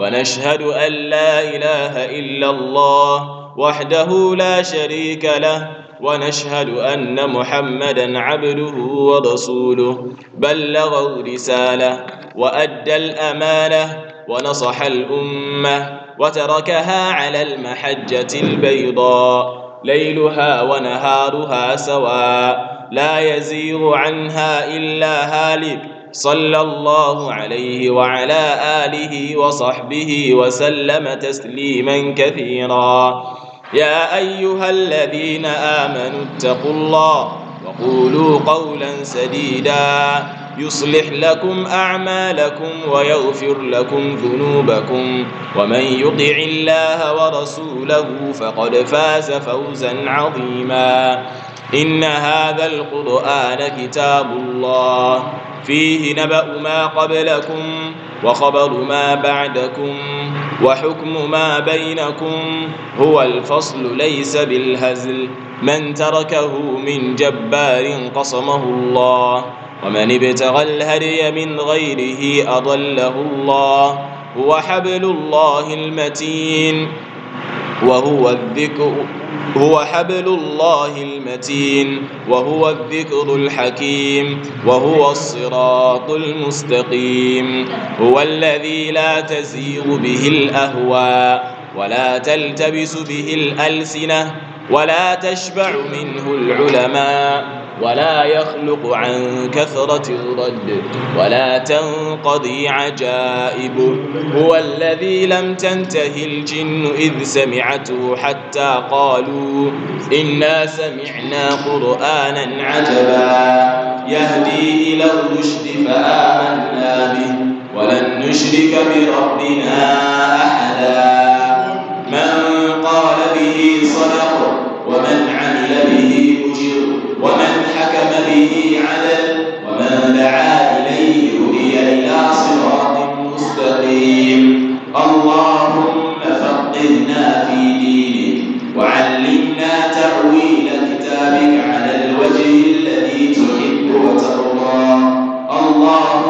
ونشهد ان لا اله الا الله وحده لا شريك له ونشهد ان محمدا عبده ورسوله بلغ الرساله وادى الامانه ونصح الامه وتركها على المحجه البيضاء ليلها ونهارها سواء لا يزيغ عنها الا هالك صلى الله عليه وعلى اله وصحبه وسلم تسليما كثيرا يا ايها الذين امنوا اتقوا الله وقولوا قولا سديدا يصلح لكم اعمالكم ويغفر لكم ذنوبكم ومن يطع الله ورسوله فقد فاز فوزا عظيما ان هذا القران كتاب الله فيه نبأ ما قبلكم وخبر ما بعدكم وحكم ما بينكم هو الفصل ليس بالهزل من تركه من جبار قصمه الله ومن ابتغى الهدي من غيره أضله الله هو حبل الله المتين وهو الذكر هو حبل الله المتين وهو الذكر الحكيم وهو الصراط المستقيم هو الذي لا تزيغ به الاهواء ولا تلتبس به الالسنه ولا تشبع منه العلماء ولا يخلق عن كثرة الرد ولا تنقضي عجائبه هو الذي لم تنته الجن إذ سمعته حتى قالوا إنا سمعنا قرآنا عجبا يهدي إلى الرشد فآمنا به ولن نشرك بربنا أحدا من قال به صدق ومن عمل به أجر ومن حكم به عدل ومن دعا إليه هدي إلى صراط مستقيم اللهم فقهنا في دينك وعلمنا تأويل كتابك على الوجه الذي تحب وترضى اللهم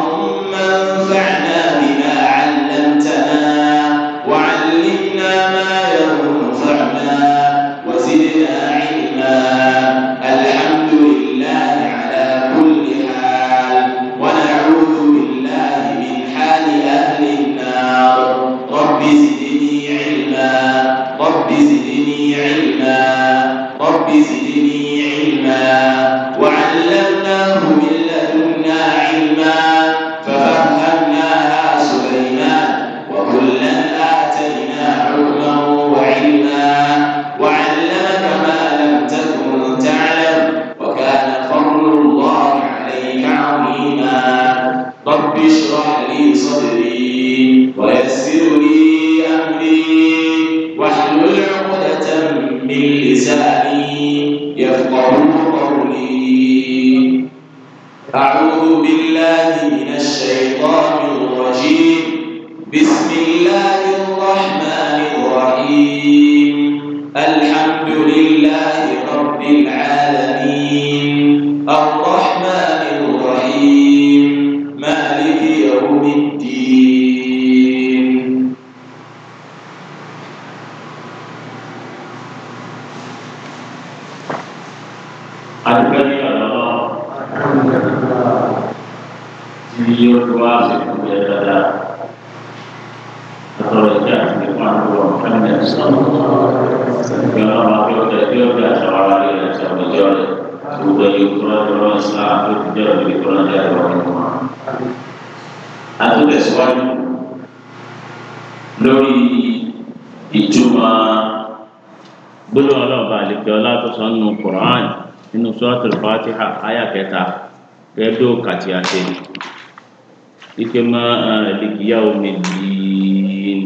hikima àdìgíyà omi dìín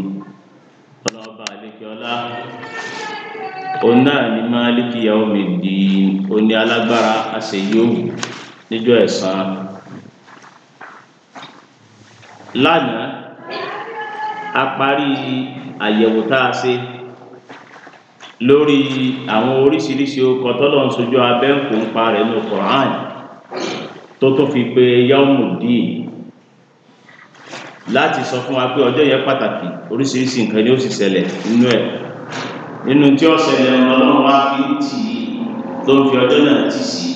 ọlọ́ba àdìgíọ́lá òun náà ní máàlìkìyà omi dìín òní alágbára àṣeyọ́wù níjọ́ ẹ̀san lánàá a parí àyẹ̀wò tá a ṣe lórí àwọn oríṣiríṣi ọkọ̀ tọ́lọ̀ ń sojú abẹ́ ń kó ń pa rẹ̀ ní Kùránì tó tún fi pé yawmudin láti sọ fún wa pé ọjọ́ yẹn pàtàkì oríṣiríṣi nǹkan ni ó sì ṣẹlẹ̀ nínú ẹ̀ nínú tí ó ṣẹlẹ̀ ọlọ́run wá fi ń tì í ló ń fi ọjọ́ náà tì sí i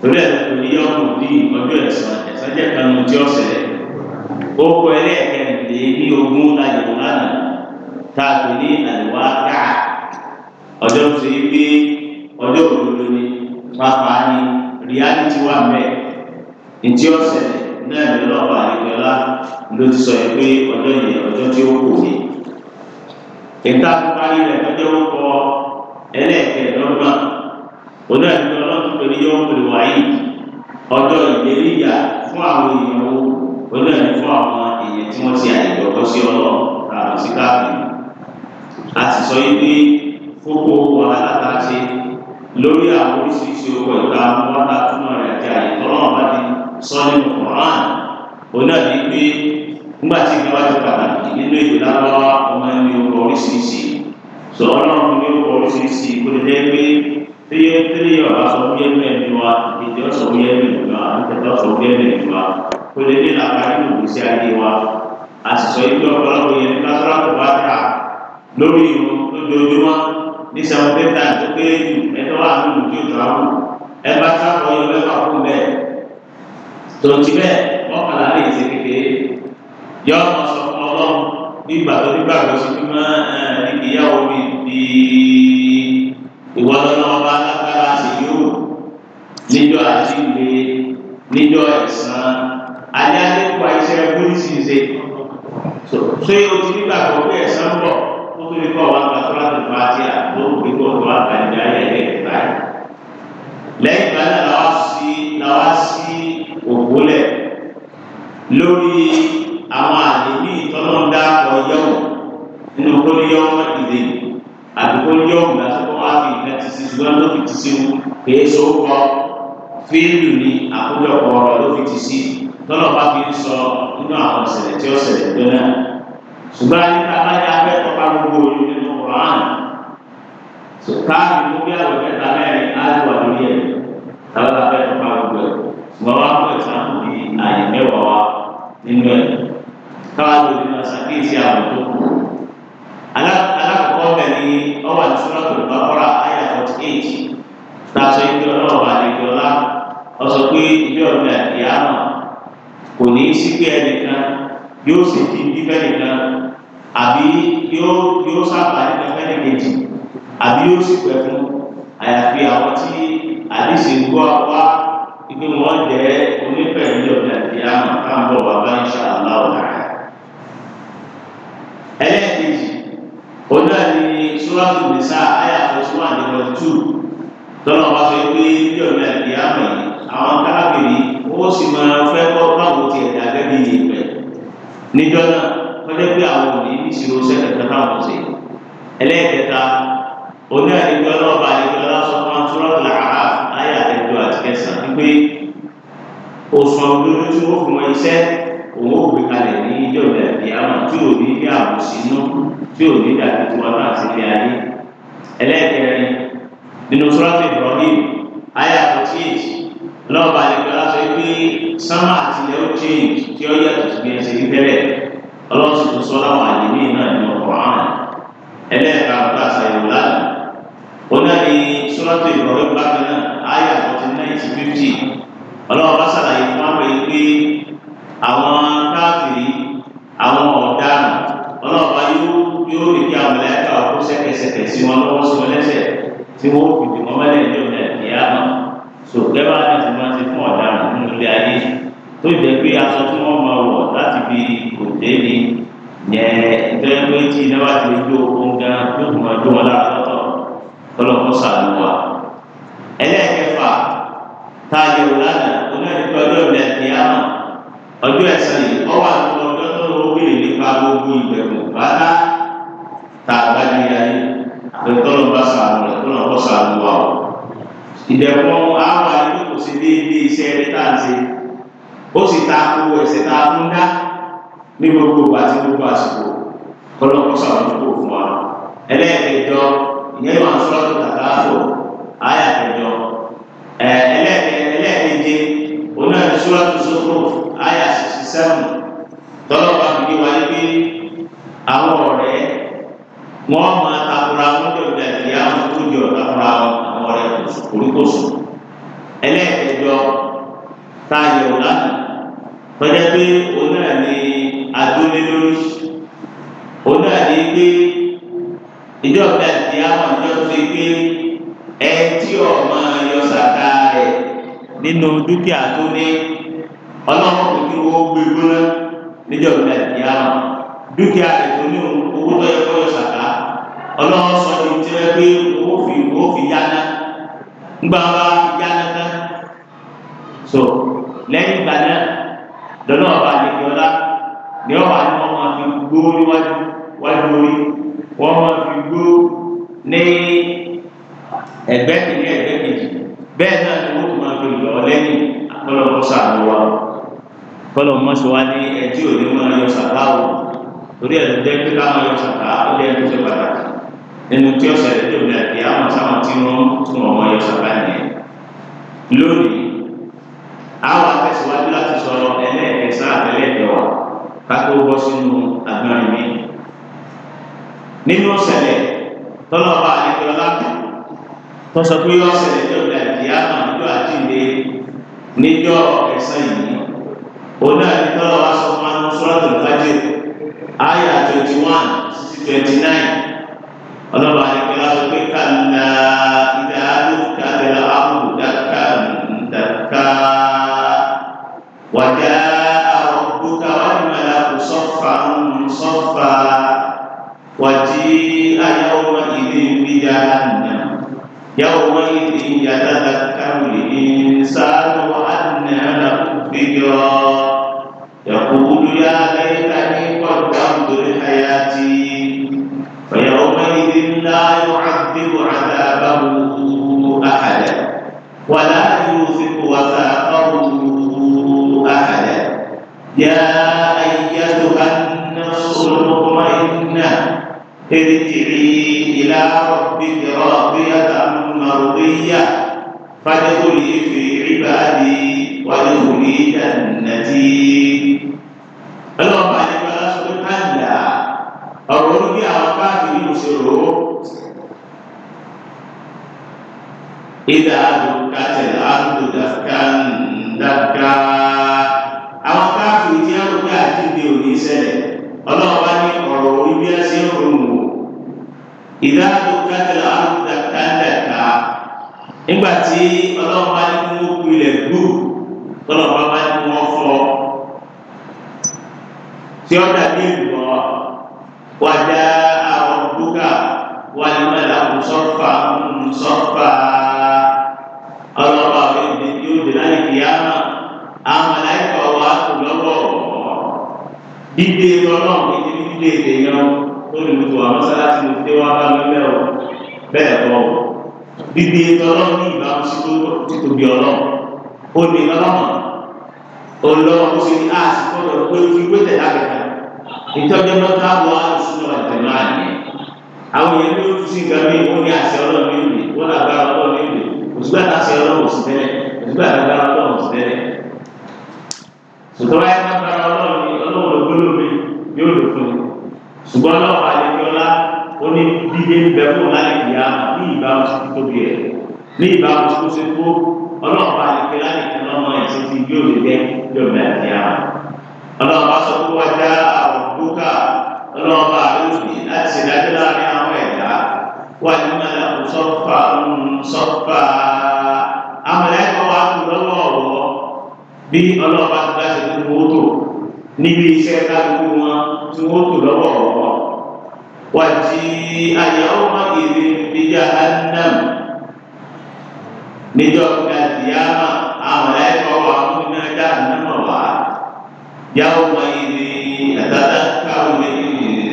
torí ẹ̀ kò ní yọ ọkùnrin bí ọjọ́ ẹ̀sán ẹ̀sán jẹ́ kan nínú tí ó ṣẹlẹ̀ ó kọ ẹlẹ́ẹ̀kẹ́rìndé ní ogún láyẹ̀wò lánàá tá a pè ní àlùwá káà ọjọ́ tó ṣe pé ọjọ́ òdodo ni pàápàá ni reality wà mẹ́ẹ̀ ní tí ó ṣẹlẹ̀ náà ní ọlọ́ọ̀bà ló ti sọ pé ọjọ́ yìí ọjọ́ tí ó kù ní. ìta parí rẹ̀ lọ́jọ́ ó kọ ẹlẹ́ẹ̀kẹ́ẹ̀dọ́gbọ̀n oní ẹ̀dùn ọlọ́run pẹ̀lú yóò pèlú wáyé ọjọ́ ìgbéríyà fún àwọn èèyàn wo oní fún àwọn èèyàn tí wọ́n ti àyẹ̀dọ́gbọ́ sí ọlọ́run àwọn sí káàkiri. a sì sọ yìí pé fókó wàhálà tá ṣe lórí àwọn oríṣiríṣi owó ìta wọn bá tó sọ nínú Quran òun náà ní pé nígbà tí ìjọba ti pàtàkì nínú èdè lábáwá ọmọ ẹni orúkọ oríṣiríṣi sọ ọlọ́run ní orúkọ oríṣiríṣi kó lè jẹ́ pé tẹ́yẹ tẹ́lẹ̀ ọ̀bá sọ fún yẹ́nu ẹ̀mí wa èdè ọ̀sọ̀ fún yẹ́nu ẹ̀mí wa àtẹ̀tẹ̀ ọ̀sọ̀ fún yẹ́nu ẹ̀mí wa kó lè ní làbá nínú ìgbésí ayé wa àṣìṣọ ìgbé ọ̀pọ̀lọpọ̀ yẹn lásán àti wá ta lórí lójoojúmọ́ ní sẹ́wọ̀n tó pé ẹ̀tọ́ bá sáfọ̀ yẹn dọ̀tí bẹ́ẹ̀ mọ́kànlá lè ṣe kékeré yọ ọmọ sọ fún ọlọ́run nígbà tó nígbà tó ṣe fi mọ́ ìgbéyàwó mi di ìwọ lọ́nà ọba alágbára ṣe yóò níjọ́ àti ìwé níjọ́ ẹ̀sán alẹ́ àdékù àìṣẹ́ polisi ṣe ṣé o ti nígbà tó pé ẹ̀sán bọ̀ ó tó lè kọ́ wa gba tó láti fa àti àdókù kíkọ́ tó wà gbàdúrà yẹn lẹ́yìn báyìí lẹ́yìn báyìí sí làwa sí lórí àwọn àdébí ìtọ́lọ́dá ọjọ́ nínú kóníyọ́ ìdè àdúgbò yọ̀ lásìkò wá fi ìfẹ́ ti sí ṣùgbọ́n ló fi ti sí wọn kìí so kọ fíìlù ní àkójọpọ̀ ọ̀rọ̀ ló fi ti sí tọ́lọ̀ bá fi ń sọ nínú àwọn ìṣẹ̀lẹ̀ tí ó ṣẹlẹ̀ tó náà ṣùgbọ́n nípa alájà akẹ́kọ̀ọ́ bá gbogbo oyún nínú Quran káàkiri mú àwọn mẹ́ta mẹ́rin á lórí ẹ̀ tàbí abẹ́kọ̀ọ́ bá gbogbo ẹ̀ ṣùgbọ́n wá pẹ̀lú nínú ẹ̀ káwájú ní ma ṣàkíyèsí àwọn tó kù. alákọ̀ọ́ bẹ̀ ni ọwọ́ àti sọ́lọ́tò bàbára àyà forty eight láṣọ ìjọ náà wà lẹ́jọ́ lá ọ̀sọ̀ pé ìjọ ọ̀gbìn àti àmọ̀ kò ní í sí pé ẹnìkan yóò sì fi bíbẹ́ nìkan àbí yóò yóò sábà nípa fẹ́ẹ́ kejì àbí yóò sì pẹ̀ fún àyàfi àwọn tí àdìsí ń gbọ́ wá ibi wọn jẹ onífẹ̀mí ọ̀dà tí a mọ̀ ká ń bọ̀ bàbá ìṣà aláwọ̀ rẹ̀. ẹlẹ́ẹ̀kejì ó náà ní sùràtù nìsá àyà fọ́sí wà ní lọ tù tọ́lá wa sọ pé ibi ọ̀dà tí a mọ̀ yìí àwọn káàkiri ó sì máa fẹ́ kọ́ báwo ti ẹ̀dá gẹ́gẹ́ bí ìpẹ́ níjọ́ náà wọ́n jẹ́ pé àwọn òní ní ìṣirò sẹ́kẹ̀ tó táwọn ṣe ẹlẹ́ẹ̀kẹta pé oṣù ọdún tí wọ́n fún wọn iṣẹ́ òun ò gbé kalẹ̀ ní ìjọ rẹ̀ bí àwọn tí ò ní bí àwọn sínú tí ò ní dàbí tí wọn náà ti lé ayé ẹlẹ́ẹ̀kẹrin nínú sọ́ọ́tì Ibrahim ayé àtúntì lọ́ọ̀bà àlejò aláṣẹ pé sánmà àtìlẹ́ ó change tí ó yàtọ̀ sí bí ẹ ṣe rí tẹ́lẹ̀ ọlọ́sùn tó sọ láwọn àyè ní ìnáyẹ̀wò ọ̀hán ẹlẹ́ẹ̀ka àbúrò àṣàyẹ̀wò lánàá ona ni sọ́lọ́tò ìrọ̀lẹ́ bákan náà ayé àtọ̀tún náà ti fífì ọlọ́wọ́ bá ṣàlàyé fún àwọn èyí pé àwọn káàfìrí àwọn ọ̀daràn ọlọ́wọ́ bá yóò yóò lè kí àwọn ẹ̀ka ọkọ sẹ́kẹsẹkẹ sí wọn lọ́wọ́ sí wọn lẹ́sẹ̀ tí wọ́n fi dì wọ́n mẹ́lẹ̀ ní ọ̀nà ìyá náà so gẹ́gẹ́ bá ti máa ti fún ọ̀daràn nínú ilé ayé tó jẹ́ pé aṣọ tí wọ́n máa wọ̀ láti fi òde ni yẹn ìtẹ́wé tí iná bá ti lè jó kọlọ́kọ́ sàánú wa ẹlẹ́ẹ̀kẹfà tá a yẹ̀wò lánàá onáyẹ̀kọ́ ọjọ́ ìlẹ̀ kìíyàmà ọjọ́ ẹ̀sìn yìí ọwọ́ àtúntò ọjọ́ tó ń wọ́pẹ́ nípa gbogbo ìbẹ̀rù bàtà tá a bá di ayé àtẹ̀tọ́nù bá sàánú rẹ̀ kọlọ́kọ́ sàánú wa o ìbẹ̀rù àwọn àdúgbò kò sí déédéé iṣẹ́ rẹ̀ tá à ń ṣe ó sì ta kó ẹ̀sẹ̀ tá a fún dá ní gbogbo àti gbogbo àsìkò kọlọ́kọ́ sàánú tó fún wa ẹlẹ́ẹ̀kẹjọ ìyẹn wà sọ́rọ́ tó tàkà fò àyà dúkìá tó ní ọlọ́run kò ní owó gbégbóná níjọba ìyá dúkìá يومئذ بجهنم يومئذ يتذكر الإنسان وأنى له الذكرى يقول يا ليتني قدمت لحياتي فيومئذ لا يعذب عذابه أحدا ولا يوثق وثاقه أحدا يا أيتها النفس المطمئنة إلى ربك راضية مرضية فادخلي في عبادي وادخلي جنتي ọlọ́ọ̀bá ìgbà lásìkò káàdà ọ̀rọ̀ orí àwọn káàkiri òṣèlú ìdá àdùkàtẹ̀ àdùkàtẹ̀ àwọn káàkiri tí a rò pé àti ìdè òní ìṣẹ̀lẹ̀ ọlọ́ọ̀bá ìdáàbò kájọlá àrùn dáadáa nígbà tí ọlọ́run bá ní kí wọ́n kú ilẹ̀ gbú tọ́lọ́run bá ní kí wọ́n fọ́ tí ó dàbí ìgbọ́ wà dá àwọn dúkà wà ní mẹ́ta kò sọ́fà ń sọ́fà ọlọ́run àwọn èdè yóò dé láyé kìyàmá àwọn aláìkọ̀ wà kò lọ́wọ́ dídé tọ́lọ́run ní olùkọ́ àwọn sáláṣí mo dé wá bá mi bẹ́ẹ̀ o bẹ́ẹ̀ kọ́ o gbígbé ọlọ́run ní ìbámu sí títóbi ọlọ́run ó ní lọ́mọ olùlọ́wọ́ kó sí ní áàsì gbọ́dọ̀ pé ojú ìwé tẹ̀ lágbègbè ìtọ́jú mọ́tà wọ àìsùn náà tẹ̀lé àná àwọn yẹn ló ti sí nǹkan bíi wọ́n ní àṣẹ ọlọ́run ní ìlú wọ́n lágbára ọlọ́run ní ìlú òṣùgbà àṣẹ ọlọ́run òsì tẹ́lẹ̀ òṣùgbà àgbára ọlọ́run òsì tẹ́lẹ̀ sọ̀tọ́ wáyé lágbára ọlọ́run ní ọlọ́run ògbólómi yóò lò fún mi ṣùgbọ́n lọ́wọ́ àyẹ̀kọ́lá ó ní dídé ń bẹ fún láì yá ní ìbámu sí tóbi rẹ̀ ní ìbámu sí tó ṣe kó ọlọ́ọ̀bá àyẹ̀kọ́lá nìkan lọ́mọ ẹ̀ sí ti yóò lè bẹ́ yóò bẹ́ àti yá ọlọ́ọ̀bá sọ pé wá já àwọn dókà ọlọ́ọ̀bá àlóòfin láti ṣèdájọ́ láàrin àwọn ẹ̀dá wà ní mọ̀lá kò sọ́fà sọ́fà amọ̀lẹ́kọ̀ wà lọ́wọ́ ọ̀wọ́ bí ọlọ́ọ̀bá ti bá tí wọ́n tò lọ́wọ́ ọ̀wọ́ wà jí ayé ọmọ ìrè níjà annam níjọ́ kàdíyàmà àwọn ẹ̀kọ́ wà fún iná dáhùnmọ̀ wá yàwó ma ìrè àtàtà káwé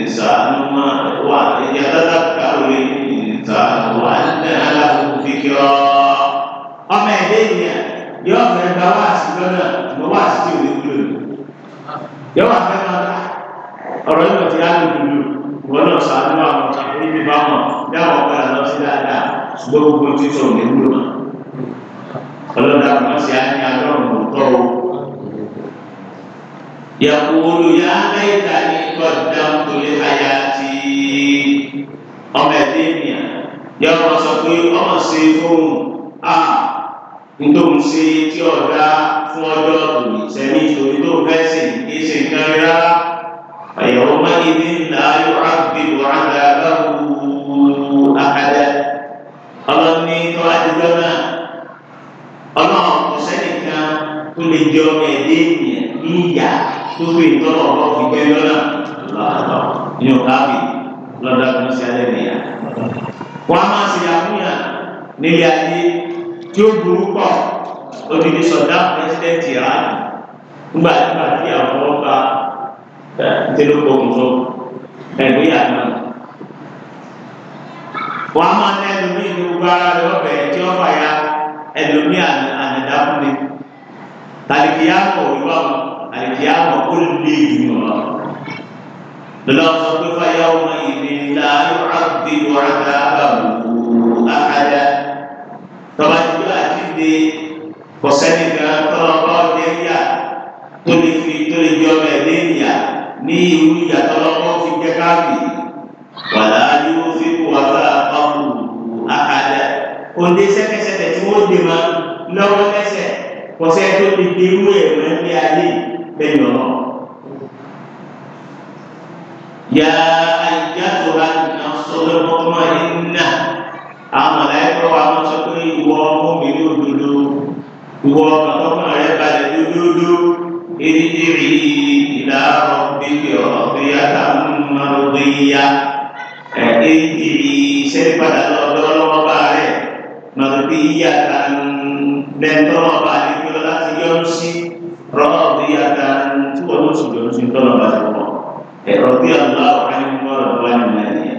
ìsànú wà àtàtà káwé ìsànú wà ní aláwọ̀ kíkọ́ ọmọ ẹ̀dẹ́ yẹn yọ ọ̀fẹ́ gba wá sí lọ́nà mo wá sí ìwé gbòòrò yọ wà fẹ́ ọ̀rọ̀ yìí ti á lè dúdú ìwọ náà sàánú àwọn ọ̀tá orí mi bá mọ̀ dáwọ̀ padà lọ sí dáadáa ṣùgbọ́n gbogbo tí sọ̀rọ̀ lè wúlò náà ọlọ́dà kò sí á ní adọ́rùn kò tọ́ o. yàkùwòlù yá lẹ́yìnká ní kọ́dá nítorí àyà ti ọmọ ẹ̀dẹ́ ènìyàn yà ọmọ sọ pé ọmọ ṣe fóun a ntòun tó fẹ́ sìn kí ṣe rárá. فيومئذ لا يعذب عذابه أحدا Ọlọ́run ní tó adijọ́ náà Allah kò sẹ́nìkan tó lè Iya. ọmọ ẹ̀dẹ́ ènìyàn ní ìyá Allah. fi ìtọ́nà ọ̀rọ̀ fi gbé lọ́nà lọ́dọ̀ ní ọ̀gáàbì lọ́dọ̀ tó ń ṣe alẹ́ nìyà. Wọ́n á ntẹlẹ kó kun so ẹgbẹ yà mọ wàá máa ní ẹlòmíì ní gbogbo ara rẹ ọbẹ tí wọn fà ya ẹlòmíì ànàdàkùn ni tàlìkìyà mọ òyìnbó àlìkìyà mọ kó lè yìí mọ lọlọsọ pé fàyà ọmọ ìdè la yóò àbí wàhálà àbàwò àkàdà tọba tí yóò àti dé kọsẹ́nìkan tọ́lọ́ bá ọdẹ yá tó lè fi tó lè jọ ọmọ ẹ̀ lé nìyà. ni irú ìyá tọ́lọ́kọ́ fi jẹ́ káàbì wàlá yóò fi kó wá bá ọmọ àkàdá kò dé sẹ́kẹsẹ̀kẹ̀ tí wọ́n dè máa lọ́wọ́ lẹ́sẹ̀ kọ́sẹ́ tó ya dé irú ẹ̀ mọ́ ní ayé bẹ́ẹ̀ lọ́wọ́. yà á ìjà tó bá nà sọ́dọ̀ ọmọ yìí nà àwọn mọ̀láyìkọ́ wa إلى ربك راضية مرضية ارجعي daripada lọ́dọ̀ ọlọ́wọ́ bá rẹ̀ mọ̀tòbí yàtà lẹ́ntọ́lọ́ bá rí kí ọlá ti yọ sí rọ́ọ̀dì yàtà tí wọ́n ló sùn jọ̀ọ́ sí tọ́lọ̀ bá ti pọ̀ ẹ̀rọ bí ọ̀la ọ̀hán ní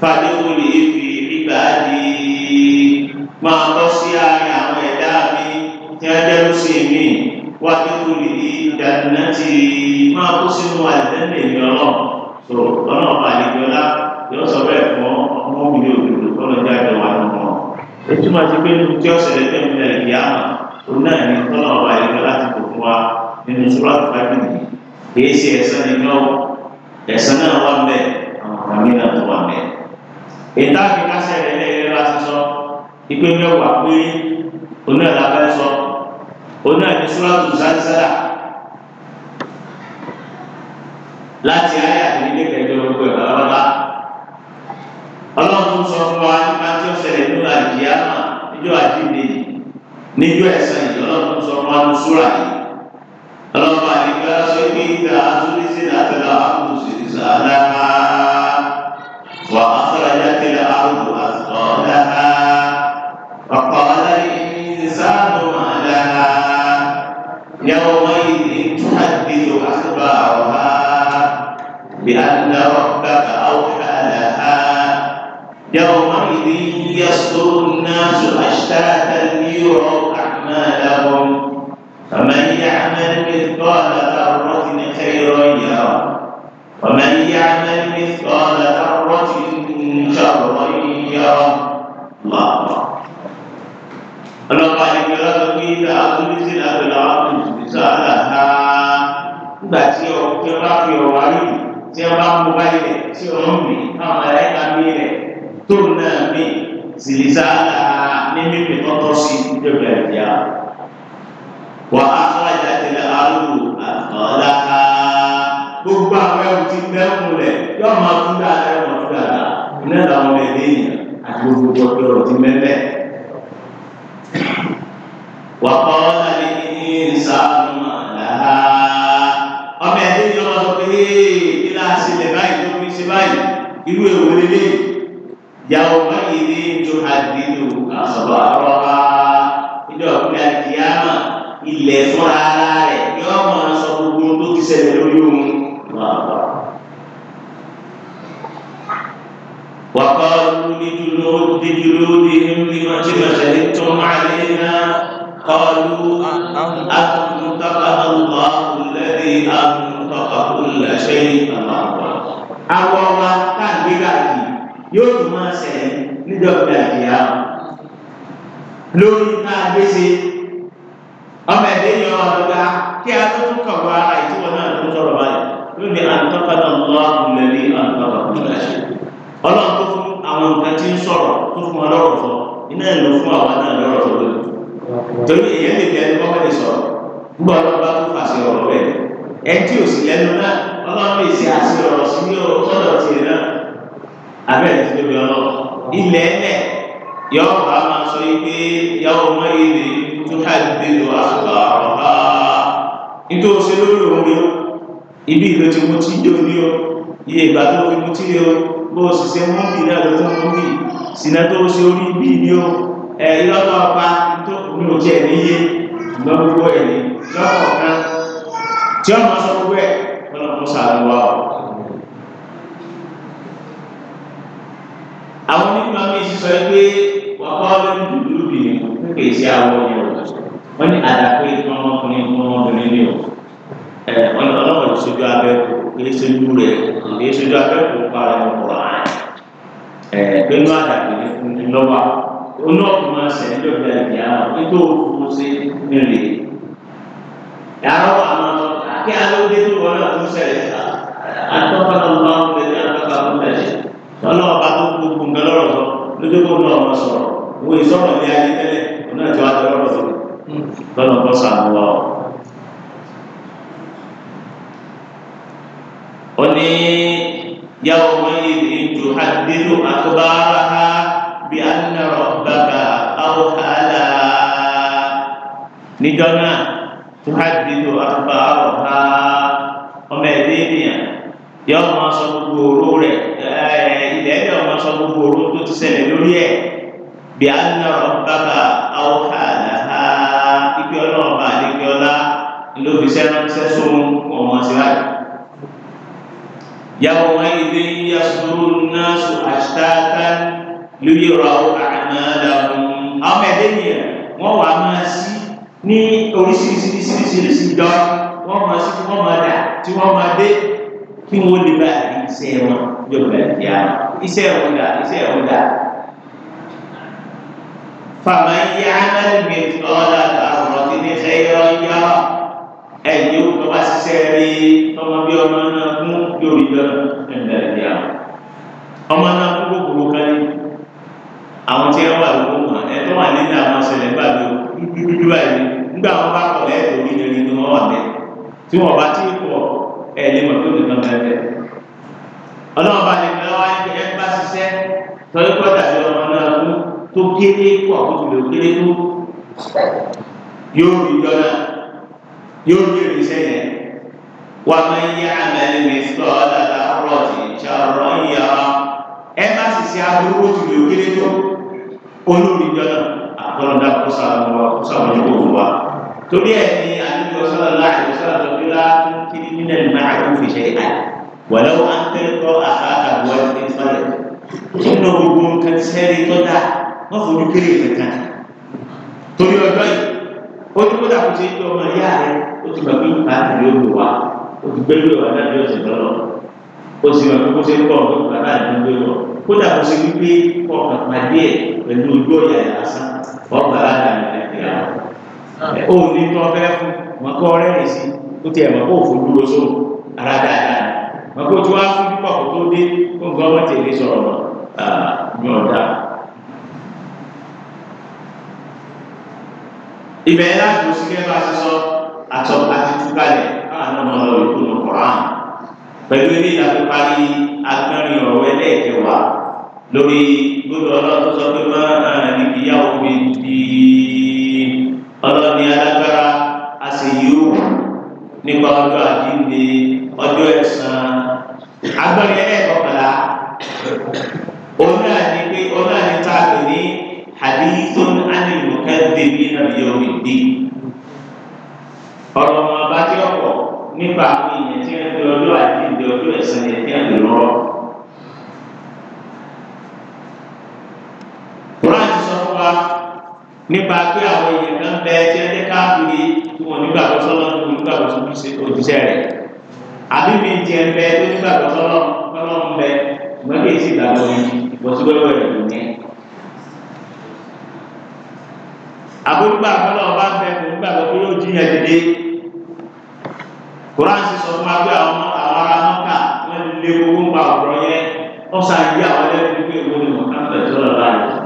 bọ́ọ̀lù di di ìmọ̀ tó sínú àìsẹ́ńdè ní ọlọ́run tó ọlọ́run àdìgbọ́lá yóò sọ bẹ́ẹ̀ fún ọmọ òmìnir òdòdó kọ́lọ́ jáde wà nínú wọn. ètò máa ti pé nínú tí ọ̀sẹ̀ lẹ́gbẹ̀ẹ́ mi lẹ̀ yá mà òun náà ní ọlọ́run àdìgbọ́lá ti kò fún wa nínú sọ́lá fàbíyì kìí ṣe ẹ̀sán nínú ẹ̀sán náà wà mẹ́ àwọn àmì náà tó wà mẹ́. ìta fi kásẹ̀ rẹ̀ lẹ́yìn láti sọ ìpè mẹ́wàá pé onáà láti ayé àtìlẹ́yìn kẹjọ gbogbo ẹ̀rọ ọlọ́ba ọlọ́run sọ fún wa nípa tí ó ṣẹlẹ̀ nínú àdìyàmà níjọ́ àdìyẹ níjọ́ ẹ̀sán yìí ọlọ́run sọ fún wa ní súrà yìí ọlọ́ba àdìgbà sọ pé ìgbà àtúndísí náà tẹ̀lé àwọn àkùnrin sí ìsàlẹ̀ náà. ولا تذير أعمالهم فمن يعمل مثقال ذرة خيرا يره ومن يعمل مثقال ذرة شرا يره الله أكبر ọlọ́pàá ìgbéra tó ní ilẹ̀ abúlísí láti lọ àwọn ìṣòwò àdáta nígbà tí ọ tí ọ bá fi ọ̀rọ̀ ayé tí ọ bá mú báyìí rẹ̀ tí ọ ń mì káwọn ẹ̀ka mí rẹ̀ tó náà mì sílísà àdáta àní mímí tọ́tọ́ sí ìjọba ìyá wà á fọ́ ìdájẹ́lẹ̀ arúgbó àtọ́láka gbogbo àwọn ẹ̀wù ti tẹ́kùn rẹ̀ yọ máa tún dáadáa yọ máa tún dáadáa iná làwọn ẹ̀dẹ́ èèyàn àti gbogbo ọjọ́ ọ̀rọ̀ ti mẹ́lẹ̀. wà á kọ́ láti ní ìsàmù àdáhà ọmọ ẹ̀dẹ́ yọ máa sọ pé kí láti ṣe lè báyìí tó fi ṣe báyìí irú èwo lélẹ́yìí yàwòrán yìí ní ju àdínú àsọ̀rọ̀ àrọ̀ ha ìjọ òkúta ìyáàmà ilẹ̀ fúnra rẹ̀ yóò máa sọ gbogbo tó ti ṣẹlẹ̀ lórí òun. وقالوا لجلود جلودهم لما شهدتم علينا قالوا أنطقها الله الذي أنطق كل شيء أمر. أولا كان بلادي yóò tún máa ṣẹlẹ̀ níjọba àdìyà lórí tá a gbèsè ọmọ ẹ̀dẹ́ yọ ọ̀dọ́gá kí a tó tún kọ̀wé ara ìtumọ̀ náà tó sọ̀rọ̀ báyìí ló ní àtọ́kọ̀dọ̀ ọlọ́run lẹ́ni àtọ́kọ̀ nígbàṣẹ́ ọlọ́run tó fún àwọn nǹkan tí ń sọ̀rọ̀ tó fún wọn lọ́rọ̀ sọ iná ẹ̀ lọ fún àwọn náà lọ́rọ̀ sọ lónìí torí èyàn lè bẹ̀rẹ̀ wọ́n fẹ́ẹ́ sọ̀rọ̀ gbogbo ọlọ́run bá tó fàṣẹ ọ̀rọ̀ bẹ́ẹ̀ ẹ tí ò sì lẹ́nu náà ọlọ́run èsì àṣẹ ọ̀rọ̀ sí ní ọ̀rọ̀ sọ́dọ̀ tiẹ̀ náà abẹ́rẹ́ sí ibi ọlọ́ ilẹ̀ ẹ̀lẹ̀ yọ bá máa sọ pé yàwó mọ́ ilé tó ká ìdílé lọ àgbà ọ̀há nítorí ṣe lórí òun yó ibi ìlú ti mú tí yóò ní o iye ìgbà tó fi mú tí o bó o sì ṣe mú bí ilé àlọ́ tó mú bí sínú tó ṣe orí bí ni o ẹ ìlọ́tọ̀ ọ̀pá tó ní òjì ẹ̀ níye ṣùgbọ́n gbogbo ẹ̀ ní lọ́kọ̀ọ̀kan tí ọmọ sọ gbogbo ẹ̀ ọlọ́run sàlùwà ọ̀. àwọn onímọ̀ mi ti sọ pé wàá wá lórí dùdú bì í kókè sí àwọn ọ̀yọ́ wọ́n ní àdàpé ọmọkùnrin ọmọbìnrin ni o ọlọ́wọ́ ìṣojú abẹ́kù kìí ṣojú rẹ̀ kìí ṣojú abẹ́kù para ọkọ̀ rẹ̀ pẹ̀lú àdàpé ní lọ́wọ́ onú ọ̀pọ̀ máa ṣẹlẹ̀ ní ọ̀dọ̀ ẹ̀dì àwọn ètò òfurufú sí nílé yàrá wà máa kí alóde tó wọlé ọ̀tún ọlọ́wọ́ bá tó gbogbo nǹkan lọ́rọ̀ sọ lójú kó lọ́ ọmọ sọ̀rọ̀ owó ìsọ̀rọ̀ ní ayé tẹ́lẹ̀ òun náà ti wá tẹ lọ́rọ̀ sílẹ̀ lọ́nà bọ́ sàánú wa o. ó ní yàwó wáyé ìjò àdínú àkọ́bárá bí a ń nọ̀rọ̀ bàbà àwòkálà níjọ́ náà tó àdínú àkọ́bárá ọmọ ẹ̀dẹ́ ènìyàn yọ ọmọ sọ gbogbo oró rẹ̀ ilẹ̀ yọ ọmọ sọ gbogbo oró tó ti ṣẹlẹ̀ lórí ẹ̀ bí a ń lọ bàbá àwòká àdáhà ibi ọlọ́ọ̀bà àdébi ọlá ló fi sẹ́ránṣẹ́ sóhun ọmọ síwájú. yàwó wọn ilé yasuru nasu ashtata lórí ọ̀rọ̀ àmàlàmù àwọn ẹ̀dẹ́nìyà wọ́n wà máa sí ní oríṣiríṣiríṣiríṣi jọ wọ́n máa sí wọ́n máa dà tí wọ́n máa dé kí wọ́n lè bá rí iṣẹ́ wọn yọ̀bẹ̀ ìyá iṣẹ́ wọn dà iṣẹ́ wọn dà. Fàmà yí Amẹ́lìmí ọ̀dà àwòrán ti ní ṣe yọ yọ. Ẹ̀yin ó tọ́ bá ṣiṣẹ́ rí ọmọ bí ọmọ náà mú yóò rí lọ ẹ̀dá ìyá. Ọmọ náà kú gbogbo kan ní. Àwọn tí wọ́n wà lóko mọ̀ ẹ̀ tó wà nínú àwọn ṣẹlẹ̀ gbàgbé dúdú báyìí. Nígbà wọn bá kọ̀ lẹ́ẹ̀dọ̀ ni wọ́n wà bẹ́ẹ̀. Tí wọ́n ẹ lè mọ̀ pé nìkan bẹ́ẹ̀ bẹ́ẹ̀. ọlọ́run bá lè gbé wá ní ẹ bá ṣiṣẹ́ tọ́lú pọ́tà bí ọmọ náà kú tó kéré kó àkókò lè kéré tó yóò rí dọ́là yóò rí irinṣẹ́ yẹn. wà á máa yá àmàlẹ́ mi sọ ọ́dàdà rọ̀tì ṣàrọ̀ ìyá ẹ bá ṣiṣẹ́ kéré tó olórí dọ́là àkọlọ́dà kó sàmúlò kó sàmúlò kó fún wa torí ẹ̀ ní àdúgbò sọ́lá láàyè sọ́lá lọ́bí rá tún kiri nílẹ̀ ní máa kú fi ṣe é àyè wọ̀lẹ́ wọn á tẹ́lẹ̀ tọ́ àṣà àbúwá ní sọ́lá nínú gbogbo nǹkan sẹ́rí tó dà wọ́n fojú kéré kankan torí ọjọ́ yìí ó ti kó dàkú sí ọmọ ìyá rẹ ó ti gbàgbé ìgbà àtàrí òwò wa ó ti gbé ìwà dájú ọ̀sẹ̀ lọ́lọ́ ó sì wà kókó sí pọ̀ ní bàbá àdúgbò wọn kó dàkú sí wípé ọkàn pàdé ẹ̀ pẹ̀lú ojú ọ̀yà ìlàsán ọgbà àdàmì ẹ̀ ó ní tó ọfẹ́ fún mọ́kọ́ rẹ́rìn sí ó ti ẹ̀mọ́ kó fún dúró sóhun ara dáadáa mọ́kọ́ tí wọ́n á fún pípọ̀ kó tó dé kó nǹkan wọ́n tẹ̀lé sọ̀rọ̀ ní ọ̀dà. ibẹ̀ yẹn láti oṣù kẹfà ti sọ àtọ̀ àti túkalẹ̀ káwọn ọmọ ọlọ́wọ́ ìkùnà kọ̀ọ̀án pẹ̀lú ilé ìlànà parí agbẹ́rin ọ̀rọ̀ ẹlẹ́ẹ̀kẹwàá lórí gbogbo ọlọ́run sọ pé máa níbi ìyàwó mi bíi ọlọ́ni alágbára a sì yíò nípa ọjọ́ àdínde ọjọ́ ẹ̀san agbọ́nrin ẹlẹ́ẹ̀kọ́kànlá òun náà ní pé òun náà ní táàbì ní hadithun ánìmọ̀kẹ́dé ní ìrìnàjò ìdí ọ̀rọ̀ ọmọ bá tí ọ̀pọ̀ nípa àwọn èèyàn tí wọ́n ń lo ọjọ́ àdínde ọjọ́ ẹ̀san yẹn tí wọ́n lè rọ́ Quran ti sọ fún wa nípa pé àwọn èèyàn kan bẹ tí ẹ jẹ́ káàkiri tí wọ́n nígbàgbọ́ sọ́lọ́ tó nígbàgbọ́ tó fi ṣe òjíṣẹ́ rẹ̀ àbí mi jẹ bẹ tó nígbàgbọ́ sọ́lọ́ sọ́lọ́ ń bẹ mọ́tò èsì ìgbàgbọ́ mi ìbọ̀síwẹ́wẹ́ rẹ̀ ló ní. àbúrúgbà àbúrò ọba bẹ kò nígbàgbọ́ pé yóò jíyàn dédé kóránsì sọ fún wa pé àwọn ará mọ́kà wọ́n lè owó ń pa ọ̀rọ̀ yẹn ọ̀sán yìí àwọn ẹlẹ́rìí pé èwo ni mọ̀ká ń tẹ̀ sọ́lọ́ báyìí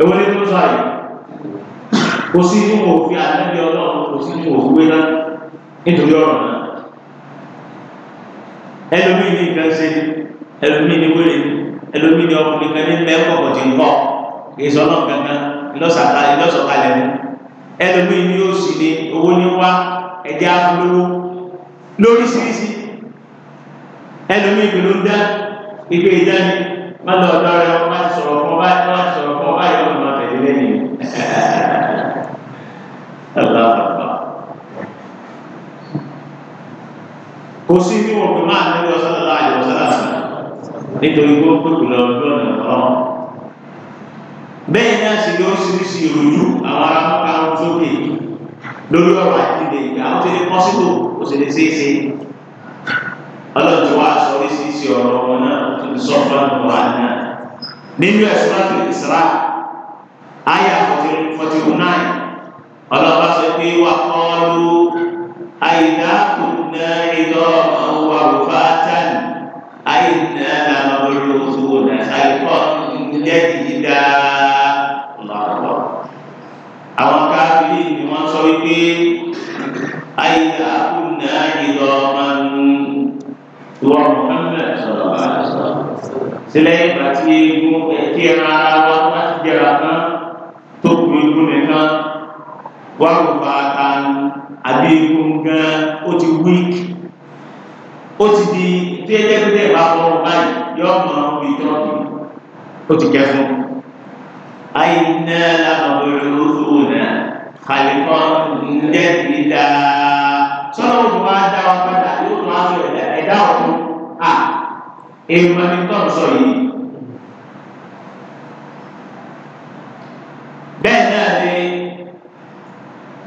èwo ni tó kò sí ní mo fi àtẹ́bí ọlọ́run kò sí ní mo fi wé náà nítorí ọ̀rọ̀ náà ẹlòmíì ní nǹkan ṣe ẹlòmíì ní wéré ẹlòmíì ní ọkùnrin kan ní mẹ́kọ̀ kò ti ń kọ́ èso náà kankan ìlọ́sàkà ìlọ́sọ̀kalẹ̀ mú ẹlòmíì ní yóò sì ní owó ní wá ẹ̀jẹ̀ afúnlówó lóríṣiríṣi ẹlòmíì ìgbè ló ń dá ìgbé ìdání má lọ ọ̀dọ́ rẹ̀ wọ́n bá ti sọ̀rọ̀ fún ọ báyìí wọ́n bá ti sọ̀rọ̀ fún ọ báyìí wọ́n máa tẹ̀lé lẹ́yìn. aláàbà kò sí bí wọn fi máa nílò ọsọlọlá àyọsọlá sí Ini tuh ó pèpè lọ ọdún ọ̀nà ọ̀rọ̀ bẹ́ẹ̀ ni a sì yọ oríṣiríṣi ìròyìn àwọn ará mọ́ta Dulu sókè lórí ọ̀rọ̀ àìdílé ìgbà ó ti lè pọ́ sípò ó sì lè ṣeéṣe ọlọ́run ti wá sọ oríṣiríṣi ọ̀rọ̀ wọn náà ó ti sọ fún àwọn ọ̀rọ̀ àná nínú ẹ̀sùn ọlọ́ba sọ pé wà kọ́ọ́lù àyìnlá kùnà ìlọ àwọn àwòfà tán àyìnlá làwọn olóòtú ọ̀nà àìkọ́ ǹjẹ́ ìdá lọ́wọ́. àwọn káfíìn ni wọ́n sọ wípé àyìnlá kùnà ìlọ ọmọ ìwọ Muhammad sọ̀rọ̀ àṣọ. sílẹ̀ ìgbà tí egun ẹ̀kí ara wa wọ́n jẹrà tán tó kù egun nìkan wà á bá ta àbí egun gan ó ti wík ó ti di tí ẹ jẹ́ pé bẹ́ẹ̀ bá fọ́ báyìí yọ ọmọ ọmọ ìtọ́jú ó ti kẹ́ fún un. أين لمبعوثون خلقا جديدا sọ́dọ̀ òjò máa dá wa padà yóò máa sọ ẹ̀dá ọ̀tún à èèmọ̀ ní tọ́ sọ yìí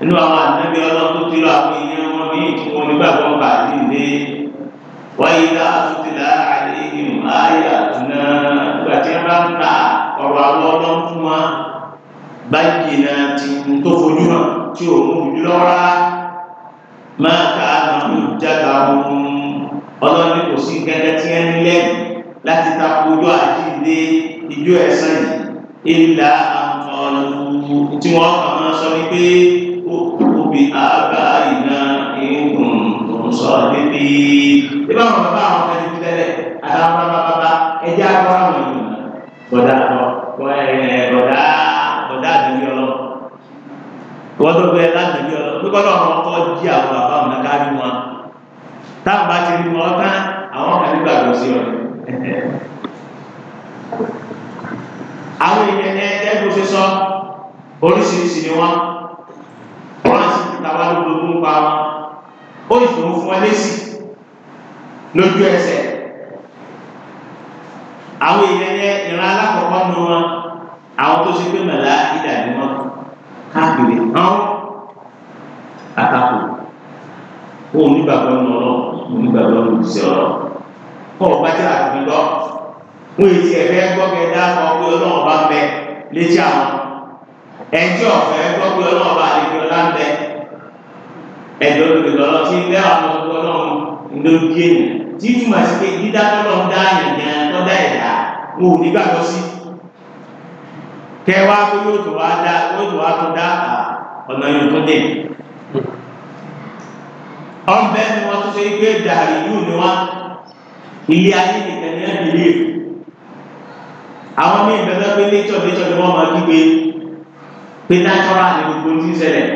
nínú àwọn ànábì ọlọ́run tó ti lọ àwọn èèyàn wọn ní ìtumọ̀ nígbàgbọ́ bá nílé wáyé láàtúntìlá àlẹ́yìn àyà tùnà ìgbà tí wọ́n bá ń ta ọ̀rọ̀ àwọn ọlọ́run fún wa báyìí náà ti ń tó fojú hàn tí ò mú ojú lọ́ra máa ka àwọn ìjàgbá ohun ọlọ́run kò sí gẹ́gẹ́ tí ẹ lẹ́yìn láti ta ojú àjíǹde ijó ẹ̀sán yìí ìlà àwọn ọ̀rọ̀ tí wọ́n kàn máa sọ wípé. pé ìbá wọn bá àwọn ọmọ ẹni tẹ́lẹ̀ àtàwọn bábábá ẹjẹ́ àgbà wọn yìí bọ̀dá bọ̀dá bọ̀dá àdìrí ọlọ́ wọ́n tó gbé ládìrí ọlọ́ pípọ́ náà wọn kọ́ jí àwọn bàbá wọn kárí wọn táwọn bá ti rí wọn tán àwọn kan nígbà tó sí ọ àwọn èèyàn ẹ ẹgbẹ́ ṣe sọ oríṣiríṣi ni wọn wọn á sì tàwa lóko ń pa wọn ó ìfòwò fún ẹ lẹ́sìn lójú ẹsẹ̀ àwọn èèyàn yẹ ìran alákọ̀ọ́kọ́ nu wọn àwọn tó ṣe pé mẹ̀lá ìdà ni wọn káàkiri hàn àtakò kó onígbàgbọ́ nu ọ̀rọ̀ onígbàgbọ́ nu ìṣẹ̀ ọ̀rọ̀ kó o bá jẹ́ àtúntò lọ wọn èyí ẹ̀ fẹ́ gbọ́ kẹ́ dá ọ pé ọlọ́run bá bẹ létí àwọn ẹjọ́ ọ̀fẹ́ gbọ́ pé ọlọ́run bá lè fi ọlá ń bẹ ẹjọ́ olùdókòlò ti ń bẹ́ àwọn ọlọ́run ńlọdí èèyàn tí túmọ̀ sí pé dídá tọ́lọ̀ ń dá àyàn gan tó dá ẹ̀dá wọn ò ní gbàgbọ́ sí. kẹwàá pé yóò tó wá dá yóò tó wá tó dá ọ̀nà yóò tó dé. ọ̀nbẹ ni wọ́n tún ṣe gbé dàrí yóò ní wá ilé ayé nìkan ní ẹ̀dí lè. àwọn míì bẹ́ẹ̀ pé nature nature ni wọ́n máa kígbe pé natural ni gbogbo ti ń ṣẹlẹ̀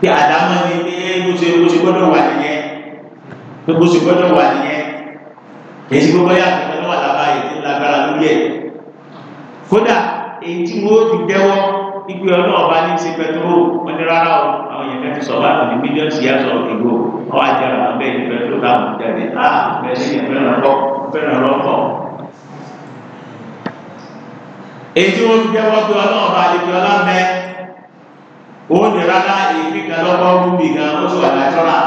pé àdámọ́ ni pé bó ṣe bó ṣe gbọ́dọ̀ wà nìyẹn gbogbo ṣe gbọ́dọ̀ wà nìyẹn kìí ṣe gbogbo yàtọ̀ gbọ́dọ̀ wà lábá yìí tí lágbára lórí ẹ̀ kódà èyí tí wọ́n ti dẹ́wọ́ ibi ọ̀nà ọba ní ṣe pẹtrol wọn ní rárá o àwọn èèyàn kan ti sọ wá ní mílíọ̀nù sí àṣọ ìgbò ọwọ́ àjẹrà bẹ́ẹ̀ ní pẹtrol táwọn jáde á ah, bẹ́ẹ̀ sí fẹ́ràn lọ fẹ́ràn lọ́kọ̀. èyí tí wọ́n ti dẹ́wọ́ pé ọ̀nà ọba àdìgbò ọlá mẹ́ òun ní rárá èyí kan lọ́kọ́ rúbì kan ó sì wà lájọ́ra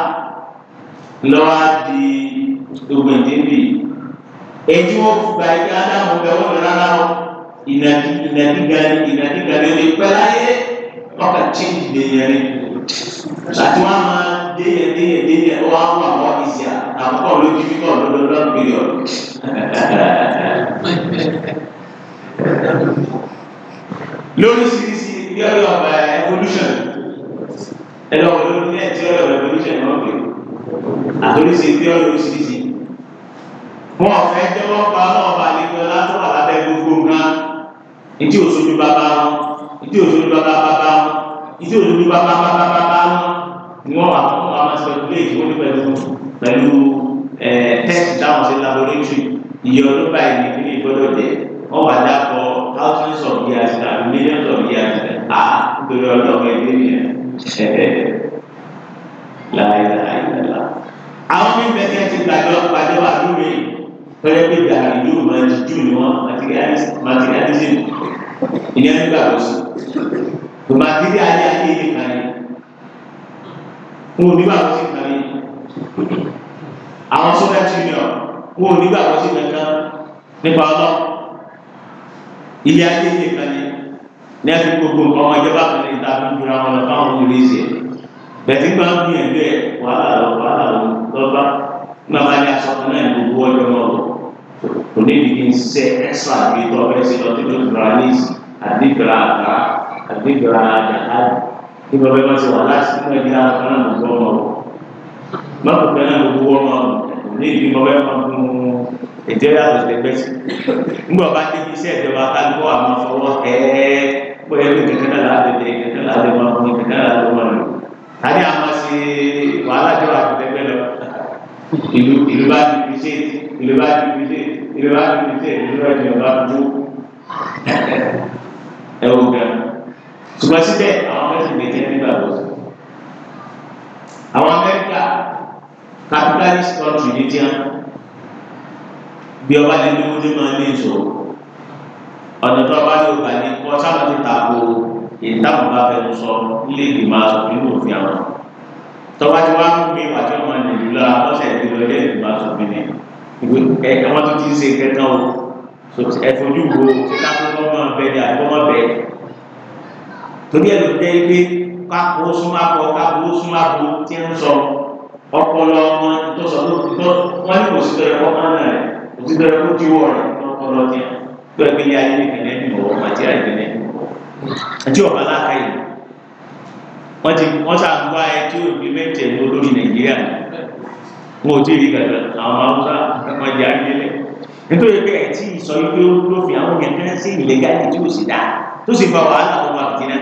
lọ́wọ́ di gbogbo ìdíbì èyí wọ́n gba ẹgbẹ́ adáhùn bẹ́ẹ̀ wọ́n lọ rárá o ìnàdígàlè ìnàdígàlè lè pẹ́ láyé ọkà chíńdì dènyẹrẹ àti wọn máa déyẹ déyẹ déyẹ wọn á wọ àwọn ìsì àkọ́kọ́ lójú fífọ́ lọ́dọọdọ́ pèrè ọ̀ lóríṣiríṣi bí ọ̀rọ̀ ọ̀bà evolution ẹ̀rọ ọ̀rọ̀ ní ẹ̀jẹ̀ ọ̀rọ̀ evolution náà pèrè àtòlùsí bí ọ̀rọ̀ oríṣiríṣi wọn ọ̀fẹ́ jọwọ́ pa ọlọ́ọ̀bà nígbà látọ̀ àlábẹ́ gbogbo nǹkan ìdí òṣèlú bàbá wọn ìdí òṣèlú bàbá bàbá wọn ìdí òṣèlú bàbá bàbá bàbá wọn ni wọn wà fún àwọn spẹkulé ìdíwọ́ ní pẹ̀lú pẹ̀lú test dáhùn sí laboratory iye ọdún báyìí ní kíní ìgbọ́dọ̀ jẹ wọn wà dápọ̀ thousands of years ago millions of years ago ah nítorí ọdún ọmọ ẹgbẹ́ láìláì láìláì. àwọn mímẹ kí ẹ ti gbàgbọ́ pàdé wà lóore pẹ̀lẹ́ pé gàrí yóò máa di jù ní wọn materialism ìyẹn ń gbàgbọ́ sí i màtírí ayé ayé yìí kan yìí wọn ò ní gbàgbọ́ sí kan yìí àwọn Soviet Union wọn ò ní ni ba kankan nípa ọlọ́ ilé ayé yìí kan yìí bẹ̀sí gbọ́n bí ẹgbẹ́ wàhálà lọ wàhálà lọ lọ́ba náà bá yà sọ́kọ́ náà gbogbo ọjọ́ náà lọ. oníbi kì í ṣe ẹ̀sà àbí tọ́pẹ́ sí ọtí tó tura ní ìsìn àdìgbà àgbà àdìgbà àgbà kí wọ́n bẹ́ẹ̀ máa ṣe wàhálà sí inú ẹ̀dí àwọn náà gbogbo ọmọ lọ. báwo bẹ́ẹ̀ náà gbogbo ọmọ lọ oníbi mo bẹ́ẹ̀ máa fún ètò yàtọ̀ tẹ́gbẹ́ sí. nígbà bá débi iṣẹ́ ìjọba kálukọ́ àwọn fọwọ́ ẹ̀ẹ́ bóyá ní kẹ̀kẹ́ láti dé kẹ̀kẹ́ náà láti máa fún kẹ̀kẹ́ náà láti máa lò tàbí àwọn ṣe wàhálà jọ àtẹ̀gbẹ́ lọ ìlú ìlú bá ti fi ṣe ìlú bá ti fi ṣe ìlú bá ti fi ṣe ìlú bá ti fi bá tó ẹ wò gan ṣùgbọ́n síbẹ̀ àwọn mẹ́sìn lè jẹ́ nígbà tó sọ àwọn Amẹ́ríkà capitalist country ní tíá bí ọba lè ní ojú máa ní ìṣòro ọ̀nà tó ọba yóò gbà ní kọ́ sábà ti ta kóró ìtàwọn bá fẹnu sọ nílé ìgbìmọ̀ asòfin ní òfin àwọn tọ́ba tí wàá kú mi wà tí wọ́n máa nìlú la lọ́sẹ̀ tí lọ ilé ìgbìmọ̀ asòfin ni ẹ ẹ wọ́n tún ti ṣe kẹ́kẹ́ o ẹ fojú wo kákó máa bẹ ní àbúkọ́ máa bẹ torí ẹ ló dé pé káko súnmáko káko súnmáko tí ń sọ ọpọlọ wọn tó sọ tó wọn ní kò sí tó yẹ kó kò sí tó yẹ kó diwọ ọpọlọ tiẹ pẹ̀lú àti ọ̀bá láàká yìí wọ́n ti wọ́n sàgbá ẹ tí ò ní mẹ́tẹ̀ ní olórí nàìjíríà wọn ò tí ì rí gàdà àwọn haúsá wọn jẹ àgbélẹ nítorí pé ẹ tí ì sọ yìí pé ó lófin àwọn yẹn tẹ́ sí ìlẹ̀gálì tí ò sì dá tó sì fa wàhálà tó wà fìdí náà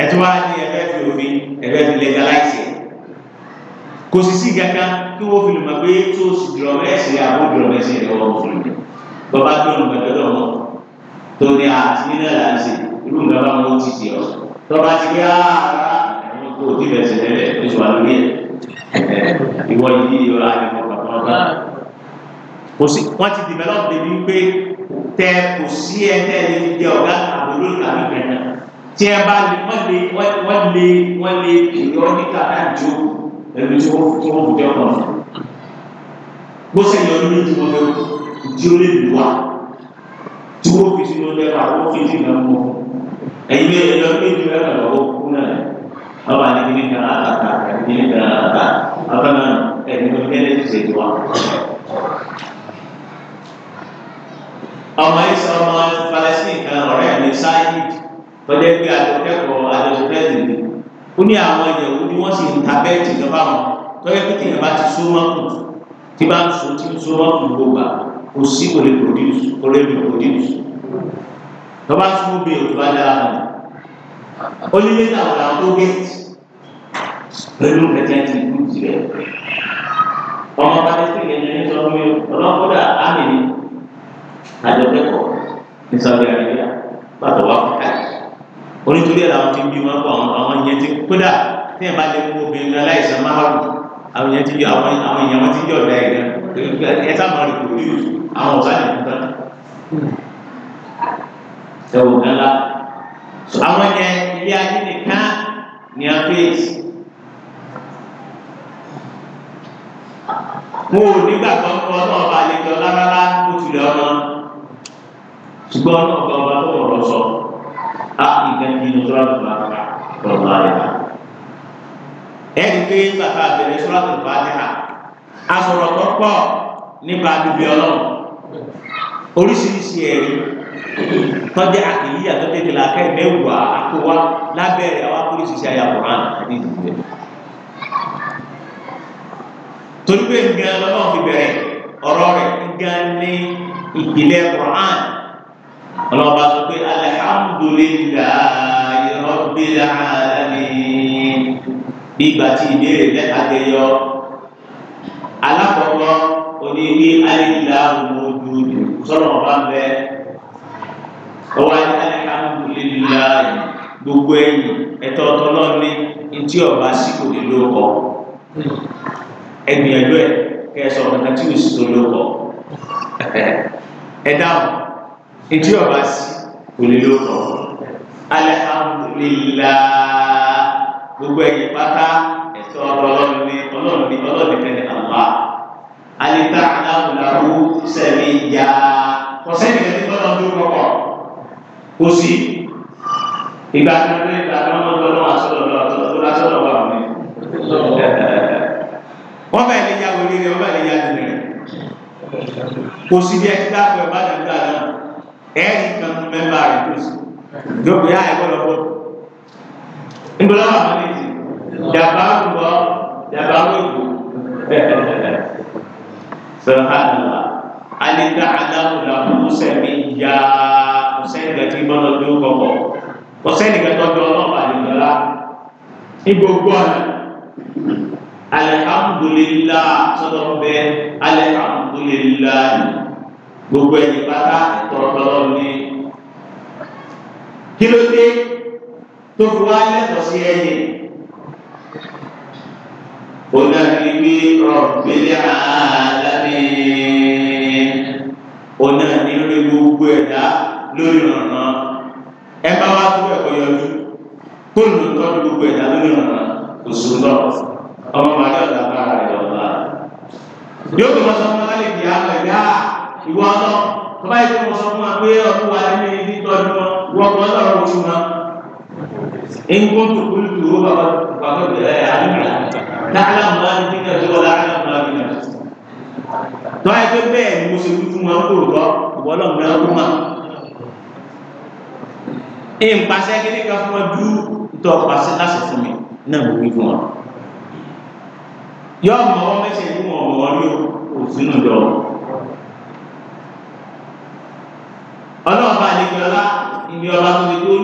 ẹ tó wá ní ẹgbẹ́ fi òfin ẹgbẹ́ fi lẹ́gàláìsì kò sì sí gàgà kí wọ́n fi lè mọ̀ pé tó sì dùrọ̀mẹ́sì rẹ̀ àbó wọ́n fún mi bàbá tó lùmọ̀ torí àti nílẹ̀ láti irú nǹkan bá wọn ti di ọ tọba ti yá ah, àwọn tó ti bẹ̀sẹ̀ lẹ́lẹ̀ oṣù àlórí ẹ̀ ìwọ yìí yọ àyẹ̀wò bàbá ọba kò sí wọn ti develop débi pé tẹ kò sí ẹ tẹ lè fi jẹ ọgá àbúrò tàbí kẹta tí ẹ bá lè wọn lè wọn lè wọn lè èyí ọ ní kàdá jó ẹbí tí wọn tí wọn kò jẹ ọkọ rẹ bó sẹ́yìn ọdún méjì wọn fẹ́ jí ó lè lù wá tí wọ́n fi sínú lẹ́nu àwọn fi sínú ẹ̀mú ẹ̀yin lè lọ bí ju ẹ̀rọ lọ́wọ́ kú náà ọba ní kíní kan àtàkà kíní kan àtàkà abáná ẹ̀mí ló dé lẹ́sìn ṣètò wa. ọmọ ìsọ ọmọ Palestine kan ọ̀rẹ́ mi sáyé tọ́jú pé àjọkẹ́kọ̀ọ́ àjọṣepẹ́sì ni ó ní àwọn ìyẹ̀wò ni wọ́n sì ń ta bẹ́ẹ̀tì lọ́ba wọn tọ́jú pé tèèyàn bá ti sún mọ́kù kò sí kò produce kò lè produce lọ́ba tí mo bèèrè tó bá dára mọ́ ó ní lẹ́tà àwọn àwọn tó gẹ̀ẹ́tì pẹ̀lú kẹ̀kẹ́ ti kú ọmọ bá dé sí ní sọ mi ọlọ́kọ́dà ámì ni àjọkẹ́kọ̀ọ́ ní sọ́dí àríyá pàtó wà fún ká onítorí ẹ̀ làwọn ti ń bí wọn bọ̀ àwọn ìyẹn ti kódà tí ẹ̀ bá lè mú obìnrin aláìsàn máa wà àwọn ìyẹn ti yọ àwọn ìyẹn wọn ti yọ ọ̀dà ẹ̀ ẹ sá máa rìn kò rí àwọn ọ̀sán yẹn nǹkan ẹwọ gánlá àwọn yẹn ilé ayé nìkan ní àfẹ́yèsí mo ò nígbà kan kọ́ náà bá lè jọ rárá ó ti lè ọmọ ṣùgbọ́n náà gbọ́ ọba tó wọ̀rọ̀ sọ á nìkan ní inú sọ́ra tó bá rà lọ́wọ́ rẹ̀ ẹni pé bàbá àbẹ̀rẹ̀ sọ́ra tó bá rà asọ̀rọ̀ tó pọ̀ nípa bíbí ọlọ́run oríṣiríṣi ẹ̀rí tọ́jú àkèlíyà tó tètè làákẹ́ mẹ́wàá àkówá lábẹ́rẹ́ àwọn akóríṣiṣẹ́ ayàwòrán àti ìdílé torí pé nǹkan lọ́lọ́run fi bẹ̀rẹ̀ ọ̀rọ̀ rẹ̀ nǹkan ní ìpìlẹ̀ Qur'an ọlọ́ba sọ pé alhamdulillahi rabbil alamin bí ìgbà tí ìbéèrè mẹ́ta jẹyọ alákọ̀ọ́kọ́ òní ní alẹ́kìlá ọmọdé sọ̀rọ̀ ọba ń bẹ ọwọ́ alẹ́kàmùlélá gbogbo ẹ̀yìn ẹ̀tọ́ ọ̀tọ́lọ́ọ̀ni ntí ọba sí kò ní ló kọ́ ẹgbìyànjú ẹ kẹsọ̀ ọ̀nà tí o sì tó ló kọ́ ntí ọba sí kò ní ló gbogbo ẹ̀yìn pátá ẹ̀sọ́ ọlọ́run ní ọlọ́run ní ọlọ́run tẹ̀lé àwa alita aláwòláwò sẹ́mi ya kọ́sẹ́ni kẹ́tí gbọ́dọ̀ tó kọ́kọ́ kò sí ìgbà tó ń lé ìgbà tó ń lọ́dọ̀ lọ́wọ́ àsọ̀rọ̀ lọ́wọ́ tó lásọ̀rọ̀ wà ni, wọ́n bẹ̀ lè ya wòlé rẹ̀ wọ́n bẹ̀ lè ya dùn rẹ̀ kò sí bí ẹtí dáàbò ẹ̀ bá dàgbà náà ẹ̀ẹ́dì kan mẹ́mbà rẹ̀ kò sí. yóò bí i nbola wà ní ìsìn dàbà gbọ dàbà wọgbọ sọhánàlá alika aláwòlá ọsẹmi ya ọsẹni gàtí gbọdọ tó kọkọ ọsẹni gàtí ọdọ ọlọpàá nìgbàlá ní gbogbo ọ̀nà alihamdulilah sọdọ bẹ alihamdulilah gbogbo ẹni pátá tọrọtọrọ ní kí ló dé tó fi wá lẹ́tọ̀ọ́ sí ẹyẹ. ó dàbí bí rọ̀gbẹ́lẹ́ àlámì ó náà ní lórí gbogbo ẹ̀dá lórí ọ̀nà ẹ bá wá tó ẹ̀kọ́ yọjú kó ló ń tọ́jú gbogbo ẹ̀dá lórí ọ̀nà kò sùn lọ ọmọ màdé ọ̀dà bára rẹ̀ ọ̀la. yóò tó wọ́n sọ fún alẹ́ ìdí àwọn ẹ̀dá ìwọ ọlọ́ tó bá yẹ kó fún wa pé ọkùnrin wa ní ní tọ́jú wọn wọ́n kọ́ lọ́rọ̀ إن كنت قلت فقد علمنا تعلم ما في نفسي ولا أعلم ما في نفسي tó ẹ pé bẹ́ẹ̀ ni mo ṣe wí fún wọn kó rọ ìwọ́lọ́ mi náà rúmà ẹ ń pàṣẹ kíní kan fún wọn dú ìtọ́ pàṣẹ láti fún ní ọba tó ti tó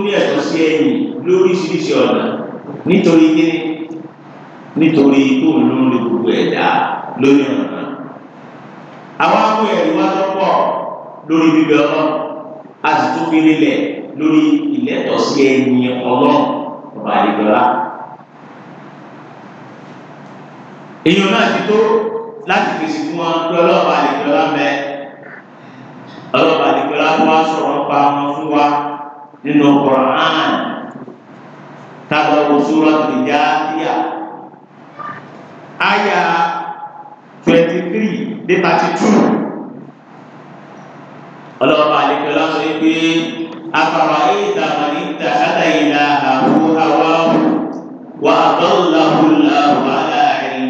ní ẹ̀tọ́ sí ẹ̀yìn lóríṣiríṣi ọ̀nà nítorí kíni nítorí tó ń lò ní gbogbo ẹ̀dá lórí ọ̀nà. àwọn akó ẹ̀rí wá tó pọ̀ lórí bíbẹ ọlọ́ a sì tún fi lélẹ̀ lórí ìlẹ́tọ̀ sí ẹ̀yìn ọlọ́run ọba àdìgbọ́lá. èèyàn náà ti tó láti fèsì fún wọn pé ọlọ́ọ̀bà àdìgbọ́lá mẹ́ẹ̀ ọlọ́pàá nìkan láti sọ̀rọ̀ pa wọn fún wa nínú Quran tábàwò Suratul Jathiyah àyà twenty three dé thirty two ọlọ́ọ̀bà àlejò lọ́sọ̀ yìí pé afárá ìdá màní ìdá kátà ìlà àwọn hawahu wà àtọ́láhùn làwọn aláàárín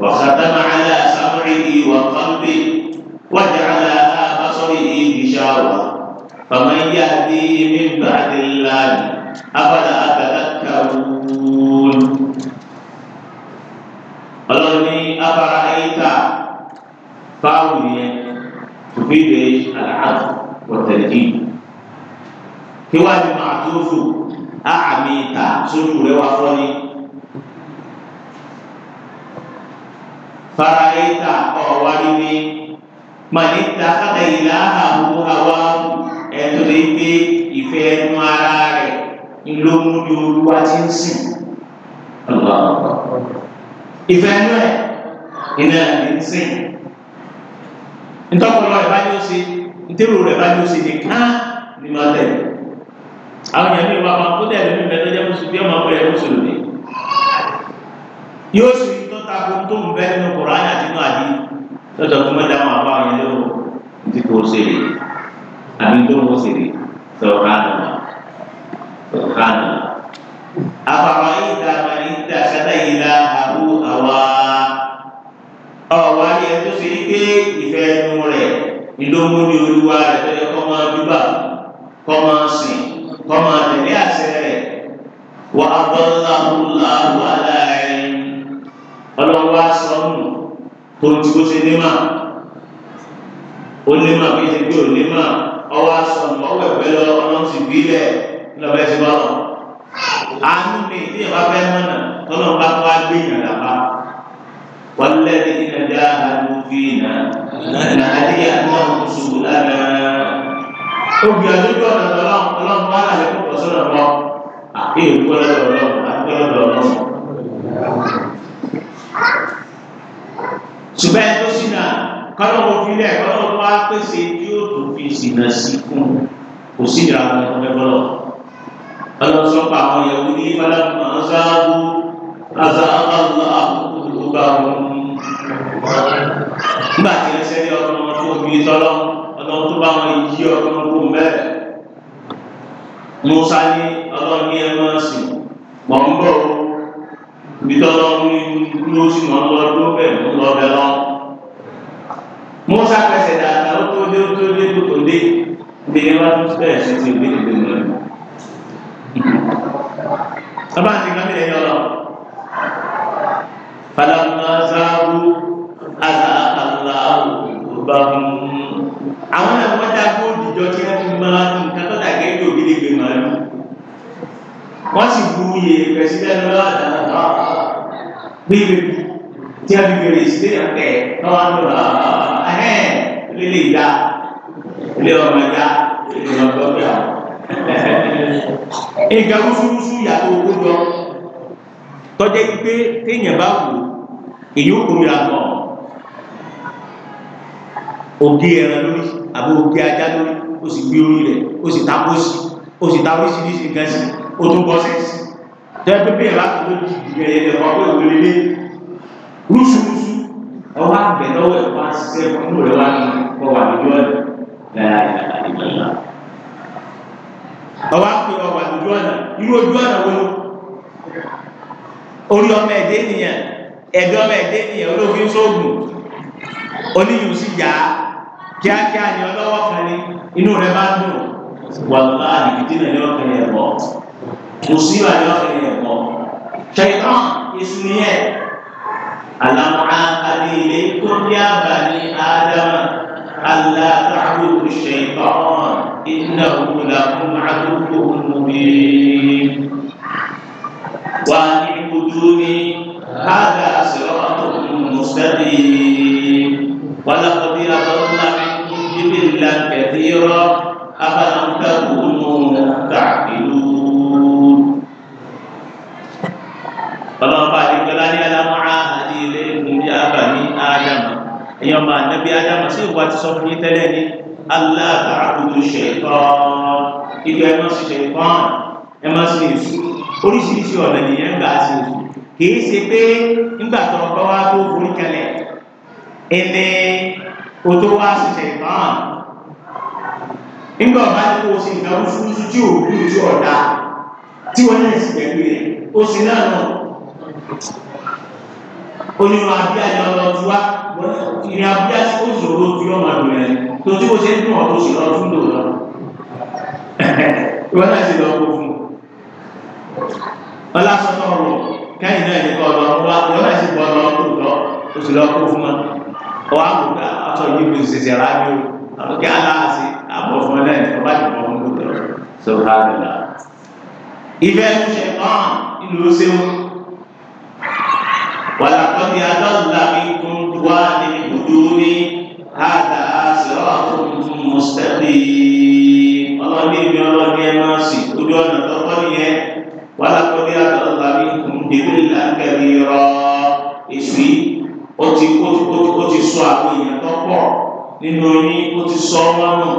wà kàtàmà wà kọ́ńbì wà jàlá àbásọ́rì ìṣàwọ̀. فمن يهدي من بعد الله أفلا أتذكرون ألوني أفرأيت فاولي تفيد العدل والترتيب كواج معطوف أعميت سجود وفني فرأيت أوالي من اتخذ إلهه هواه ẹ̀tọ́ lè gbé ìfẹ́ ẹnu ara rẹ̀ ló mú ní olúwa tí ń sìn ìfẹ́ ẹnu ẹ̀ iná ẹ̀ ń sìn ntọ́pọ̀lọ́ ẹ̀ bá ní ó ṣe ntẹ́rù rẹ̀ bá ní ó ṣe nìkan ni máa tẹ̀lé àwọn èèyàn ní ìwà máa kó dẹ̀ lómi mẹ́tọ́ jẹ́ mùsùlùmí ọmọ ọmọ ẹ̀ mùsùlùmí yóò sì tó tako tó ń bẹ́ nínú kòránì àti inú àdí lọ́jọ́ tó mẹ́ta máa bá àwọn ẹlẹ́wọ̀n àbí tó ń sì rí sọ̀rọ̀hánà sọ̀rọ̀hánà. àfàwọn ìdá máa ń dá sẹ́dá yìí la àbú àwa ọ̀wá ni ẹ tó ṣe ní pé ìfẹ́ ẹnu rẹ̀ ìlómú ni olúwa rẹ̀ tó yẹ kọ́ máa dúbà kọ́ máa sìn kọ́ máa tẹ̀lé àṣẹ rẹ̀ wà á bọ́ láhùlá wà láàrin sọ́nù kò tí kò ṣe ní mà ó ní mà bí ṣe pé ò ní mà ọwọ́ aṣọ ọwọ́ ẹ̀gbẹ́ lọ ọlọ́run ti bí lẹ̀ ńlọrẹ́ ti wá wọn. àánú mi ní ìwà fẹ́ mọ́nà tọ́lọ́ bá tó wá gbé yàn lápá. wọ́n lẹ́ni iná dá àánú fi iná nà àdéhìí àtúnwọ̀n oṣù lánàá. obì àdójú ọ̀nà tọ́lọ́run ọlọ́run bá rà lẹ́kọ̀ọ́ pọ̀sọ́nà mọ́ àkéè kọ́lọ́ ọlọ́run ọlọ́run. ṣùgbọ́n ẹ tó kọ́lọ́wọ́ filẹ̀ kọ́lọ́wọ́ wá pèsè tí ó tó fi ìsìnà sí fún kò sí ìdíra àwọn ọmọ ẹgbẹ́ lọ. ọlọ́run sọ pé àwọn yẹ̀wò ní balabùmọ̀ azáàbù azáàbù àbùkù bá wọn. nígbà tí ẹ sẹ́yìn ọlọ́run tó bí tọ́lọ́ ọlọ́run tó bá wọn yí ọlọ́run kò mẹ́rẹ̀. musa ní ọlọ́run ní ẹ máa sìn mọ̀ ń bọ̀ ibi tọ́lọ́run ní ló sì mọ̀ ń lọ lọ́bẹ̀ ń lọ́bẹ̀ lọ́wọ́. Musa fẹsẹ̀ dáadáa ó tó dé ó tó dé kó tó dé ìdílé wa tó bẹ̀rẹ̀ sí ti gbé ìgbé mọ́ ẹ̀. Bàbá àti ìgbà mílẹ̀ yọ̀ lọ. Fàlàmù Azáwù Azáàláwù ọba àwọn náà wọ́n dá góòlù ìjọ tí wọ́n fi máa nǹkan tó dàgẹ́ ní òbí lè gbé màálù. Wọ́n sì bu iye pẹ̀sídẹ́ẹ̀lì lọ́dà bí ibi tí a fi bèrè sílé àtẹ̀ náà wà lọ́la ẹ̀hẹ́n lílé ìdá ilé ọmọ ìdá ìdùnnà gbọ́dọ̀ ìgbà wúsúwúsú yàtọ̀ owó jọ tọ́jẹ́ pé téèyàn bá wù èyí ó kórìíra mọ́ ògì ẹran lórí àbí ògì ajá lórí ó sì gbé orí rẹ̀ ó sì ta kó sí ó sì ta oríṣiríṣi nǹkan sí ó tún bọ́ sí sí tẹ́ pé tó lójú ìdílé ẹ̀yẹ lẹ́kọ̀ọ́ pé òwe lélẹ́ rúṣùrúṣ ọwọ́ àgbẹ̀ lọ́wọ́ ẹ̀ wá ṣiṣẹ́ fún rẹ̀ wá ní kọ́ wà lójú ọ̀nà lára ìgbàlá. ọwọ́ àgbẹ̀ ọwọ́ lójú ọ̀nà irú ojú ọ̀nà wo ló orí ọmọ ẹ̀dẹ́ nìyẹn ẹ̀dẹ́ ọmọ ẹ̀dẹ́ nìyẹn olóògbé sóògùn oníyùn sì yá kíákíá ni ọlọ́wọ́ kan ní inú rẹ̀ bá dùn wàlúwà àdìgídínà ní ọ̀kẹ́ yẹn bọ̀ kò sí wà ní ọ̀kẹ́ yẹn bọ̀ ṣèkán èsù nìyẹn. ألم عاهد إليكم يا بني آدم ألا تعبدوا الشيطان إنه لكم عدو مبين وأن اعبدوني هذا صراط مستقيم ولقد أضل منكم جبلا كثيرا أفلم تكونوا تعقلون فلما بعد كلام ألم عاهد àbà ni ádámà èèyàn máa nẹ́bí ádámà sí ìwà ti sọ fún yín tẹ́lẹ̀ ní aláàbà àkùdù ṣẹ̀tàn ìgbà ẹ̀ máa sì ṣẹ̀tàn ẹ̀ máa sì èṣù oríṣiríṣi ọ̀nà nìyẹn gbà sí èṣù kìí ṣe pé nígbà tó ọkọ wa tó forí kalẹ̀ ẹni o tó wá sí ṣẹ̀tàn nígbà ọba tó o sì gbà wúṣúwúṣú tí o kú ọ̀dà tí wọ́n náà sì gbẹ̀gbẹ̀ rẹ̀ o sì náà náà onímọ̀ abíyá ni ọlọ́dún wa ìrìn abíyá ó ṣòro ju ọmọ ìlú rẹ̀ tó tí mo ṣe ń dùn ọ́ tó ṣe lọ tún lò lọ. ìwọ náà ṣe lọ kó fún un. ọlá sọ́tọ̀ ọ̀rọ̀ kẹ́yìn náà ní kọ́ ọ̀dọ̀ wa ìwọ náà ṣe bọ́ ọ̀dọ̀ tó lọ tó ṣe lọ kó fún un. ọwọ́ àbùkà ọ̀tọ̀ yìí mi ṣe ṣe rámi o àbùkà aláàṣì àbọ̀ fún ẹ náà ọba ti bọ̀ fún un. ìfẹ́ ń ṣe ولقد أضل منكم عن الهدود هذا صراط مستقيم ọlọ́ni mi ọlọ́ni ẹ máa sì kúrò ọ̀nà tọ́kọ́ nìyẹn ولقد أضل منكم ضلا كثيرا èsì ó ti ó ti sọ àwọn èèyàn tó pọ̀ nínú yín ó ti sọ wọn nù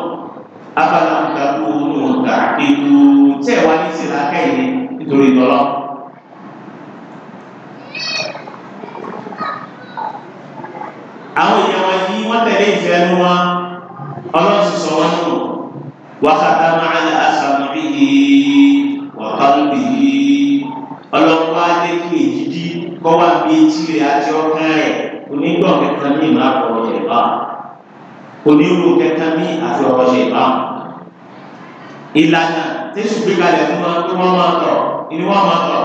abala ń dàgbò nù dàgbò tẹ̀ wá ní sílá kẹ́yìn nítorí tọ́lọ́. àwọn èèyàn wọn yìí wọ́n tẹ̀lé ìfẹ́ ẹnu wọn ọlọ́sì sọ wọn nù wákàtá máa ń àṣàmì bíi wàkàlù bíi ọlọ́wọ́ adékè jíjí kọ́ wá bí etí rẹ̀ àti ọkàn rẹ̀ onígbọ̀n kẹta ní ìlú àkọ́rọ̀ ìbá onírú kẹta ní àfihàn ìbá ìlànà tẹsù gbé kalẹ̀ fún wọn kí wọ́n máa tọ̀ ìní wọ́n máa tọ̀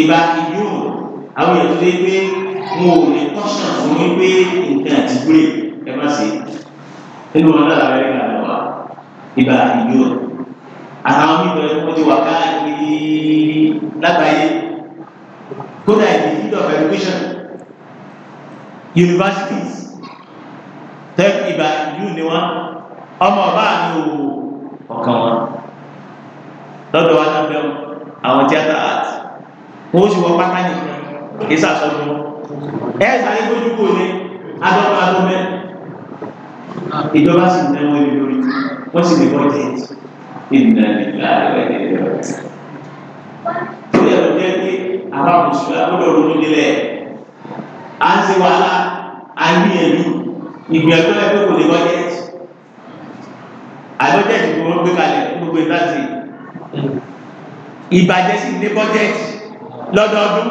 ìbá ìdúró àwọn èèyàn tó wọn ò ní tọ́sà fún yín pé nǹkan àti gbé ẹ má ṣe nínú wọn náà rẹ gbà lọ wa ibà ìjọ àwọn oníbẹ̀ wọn ti wà káàkiri lágbàáyé kódà ìdí field of education universities tech ibà ìjọ ni wọn ọmọ ọba àti òwò ọkàn wọn lọ́dọ̀ wa náà bẹ wọn àwọn theatre art wọn ó sì wọ pátá nìkan kí sàṣọ fún wọn ẹ sáré gbójú kò ní adọ́gba adọ́mẹ́ ìjọba sì mẹ́wọ́ ní lórí wọ́n sì ní bọ́jẹ̀tì ìdìnnà ìgbà rẹ̀ nílẹ̀ ọ̀tí. ó yẹ kó jẹ́ pé àbá mùsùlùmí agbọ́dọ̀ ronú nílẹ̀ à ń ṣe wàhálà à ń gbìyànjú ìgbìyànjú ẹgbẹ́ kò ní bọ́jẹ̀tì àbọ̀jẹ̀tì kò wọ́n gbé kalẹ̀ gbogbo ìbáṣe ìbàjẹ́ sì ní bọ́jẹ̀tì lọ́dọọdún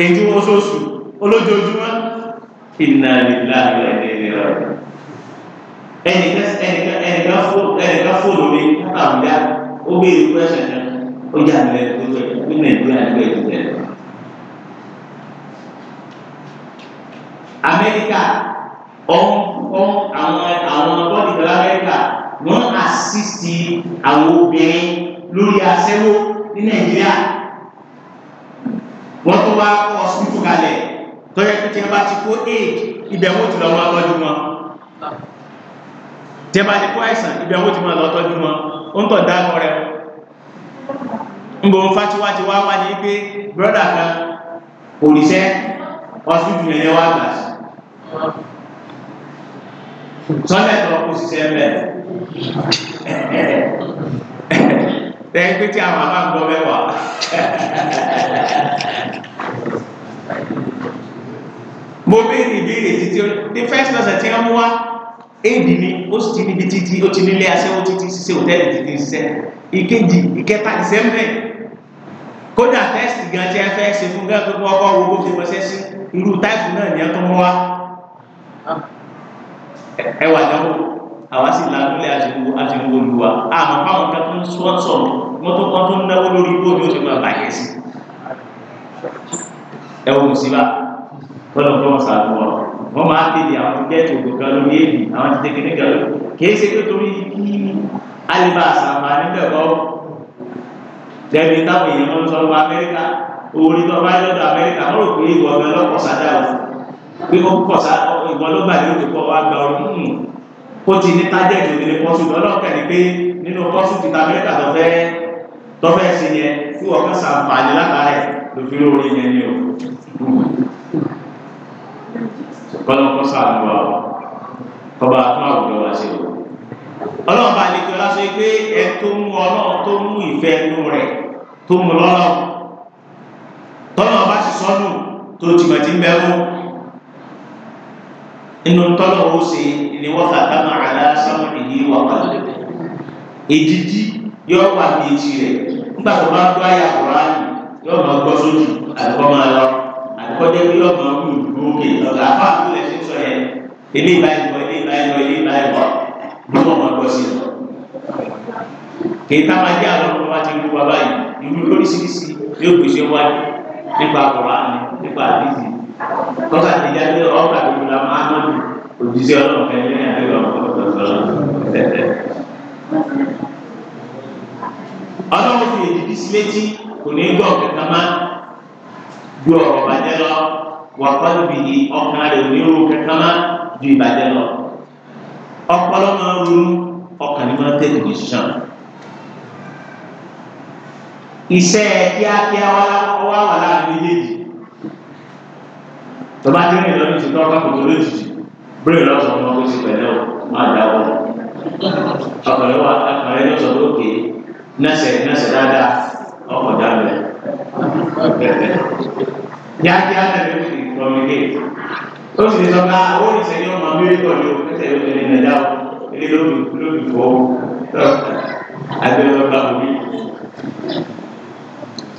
èyí tí wọ́n sọ̀sù olójoojúmọ́ iná nílá rẹ̀ nílé rẹ̀ ẹnìkan fóònù mi àbúyá ó gbé ìlú ẹ̀ṣẹ̀ náà ó yà lẹ́ gbogbo ẹ̀ ní nàìjíríà ní ẹ̀jẹ̀ rẹ̀. amẹ́ríkà ọ̀hún ọ̀hún àwọn àwọn bọ́ọ̀dì pẹ̀lú amẹ́ríkà wọ́n àsìsì àwọn obìnrin lórí aṣẹ́wó ní nàìjíríà wọ́n tó wá kọ́ ọ̀sùn tó kalẹ̀ tọ́jẹ́ pé tí wọ́n bá ti kó aid ibẹ̀ wọ́n ti lọ máa tọ́jú wọn tí wọ́n bá ti kó àìsàn ibẹ̀ wọ́n ti máa lọ tọ́jú wọn ó ń tọ̀ dákọ̀ rẹ̀ ń bò ń fásiwá ti wá wá ní pé brọ́dà kan òrìṣẹ́ ọsibítù yẹn yẹn wá gbà sí mo béèrè ìbéèrè títí ó ní first person tí wọ́n mú wá ni ó sì ti níbi títí ó ti nílé aṣẹ́wó títí ṣiṣẹ́ òtẹ́ẹ̀lì títí ṣiṣẹ́ ìkejì ìkẹta ìṣẹ́mbẹ̀ kódà first gan tí a fẹ́ ṣe fún gán pé wọ́n kọ́ wo bó ṣe mọṣẹ́ sí irú táìpù náà ni a tó mú wá ẹwà náà àwa sì lánúlé àtìwò àtìwò olùwà àmọ́ fáwọn kan tó ń sọ́ọ̀tọ̀ wọ́n tó kọ́ tó ń náwó lórí bóòlù ó ti máa bàyẹ̀ sí ẹwọ́n sí báà gbọ́dọ̀ kọ́ sàánú wa wọ́n máa tẹ̀lé àwọn ti gẹ́ẹ̀tì ògùn kan lórí èyí àwọn ti tẹ̀kẹ́ nígbà lórí kìí ṣe pé torí kí alibà sàmà níbẹ̀ kọ́ tẹ̀lé táwọn èèyàn lọ sọ lọ Amẹ́ríkà orí tó bá yọ̀dọ̀ Amẹ́ríkà wọ́n rò pé ìwọ ọbẹ̀ lọ́kọ̀ sádà o pé ó kọ̀ sá ìwọ ló gbà yóò tó kọ́ wa gba ọdún hmm. kó ti ní tájẹ̀tì òdìní pọ́sù lọ́lọ́kẹ́ ni pé nínú pọ́sù ti ta Amẹ́ríkà tọ́fẹ́ tọ́fẹ́ sí yẹn fún ọ̀kan sàǹfààní látàrẹ̀ lófin lórí yẹn ni o kọ́lọ́n kọ́ sáàdù wa o kọ́ba tó àwùjọ wa ṣe o ọlọ́run bá lè fi ọlá sọ pé ẹ tó mú ọlọ́run tó mú ìfẹ́ inú rẹ̀ tó mú lọ́rọ̀ tọ́lọ́run bá sì sọ́nù tó tìmọ̀ tí ń bẹ́ mú inú tọ́lọ́run ó ṣe ni wọ́n kàkà máa àlá sámú ìdí wà pàdé èdìdí yóò wà ní etí rẹ̀ nígbà tó bá gbọ́ àyà yóò máa gbọ́ sójú àti kọ́ máa lọ́rọ̀ kọjá pé lọ́gbọ̀n kù lókè lọ́gbà fún àbúlẹ̀ ṣe sọ yẹn ilé ìbáyìí bọ̀ ilé ìbáyìí bọ̀ ilé ìbáyìí bọ̀ ló mọ̀ ọ́ sí lọ. kèéta máa jẹ́ àwọn ọmọ wa ti rú wa báyìí ìlú lóríṣiríṣi yóò gbèsè wáyé nípa kùránì nípa àdìsí tọ́ka ti dá lé ọ̀gá tó kúra máa ń lò òjíṣẹ́ ọlọ́run kẹ́lẹ́ ní àdéhùn ọ̀pọ̀ ọlọ́run fi èdìdí ju ọ̀rọ̀ bàjẹ́ lọ wà pálí bìyí ọkàn rẹ̀ onírú kankan má ju ìbàjẹ́ lọ ọpọlọ máa ń ronú ọkàn ní máa ń tètè ní sàn. iṣẹ́ kíákíá wá wà láàrin méjèèjì tó bá dé ní ìlọrin ti tọ́ kápò tó lójijì bírè lọ́sọ̀ ọmọ kó ti pẹ̀lẹ́ o máa dá o ọkọ̀rẹ́ wa ọkọ̀rẹ́ lọ́sọ̀ lókè nẹ́sẹ̀ nẹ́sẹ̀ dáadáa ọkọ̀ dáadáa kíákíá tẹ̀lé ó sì communicate ó sì sọ pé ah, ó ní sẹ́yìn ọmọ amẹ́ríkọ̀ ni ó tẹ̀lé ó tẹ̀lé nàìjà ó ilé lóbi lóbi fọ́ agbẹ́lọ́gbà òbí.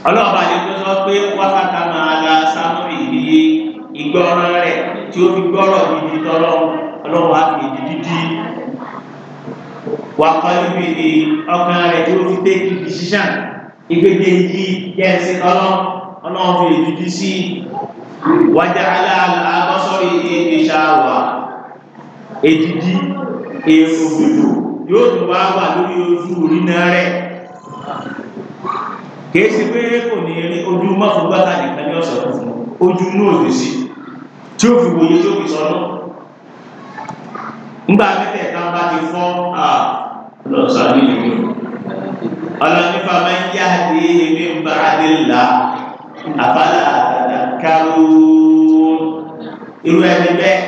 ọlọ́ọ̀bá ni tó sọ pé wákàtá máa la sámúrì ní ìgbọ́ràn rẹ̀ tí ó fi gbọ́rọ̀ gidi tọ́lọ́ ọlọ́wọ́ á fi dídí dí ọkàn rẹ̀ tí ó fi tẹ́kì decision ìgbẹ́jẹ́ yìí jẹ́sí tọ́lọ́ ọlọ́run fi ìdúdú sí wájá aláàbọ́sọ́rí ìṣàwà èdìdí èrò gbogbo yóò tún wá wà lórí ojú orí náà rẹ̀ kìí sí pé kò ní eré ojú mọ́fúngbátà nìkan ní ọ̀sẹ̀ fún ojú náà lè sí tí ó fi wòye tí ó fi sọ́nà nígbà mẹ́tẹ̀ẹ̀ta bá ti fọ́ àà lọ́sàdínlẹ̀ ọlọ́nífà máa ń yá àdé èmi ń bá adé là àbálà àdàkárò irú ẹni bẹ́ẹ̀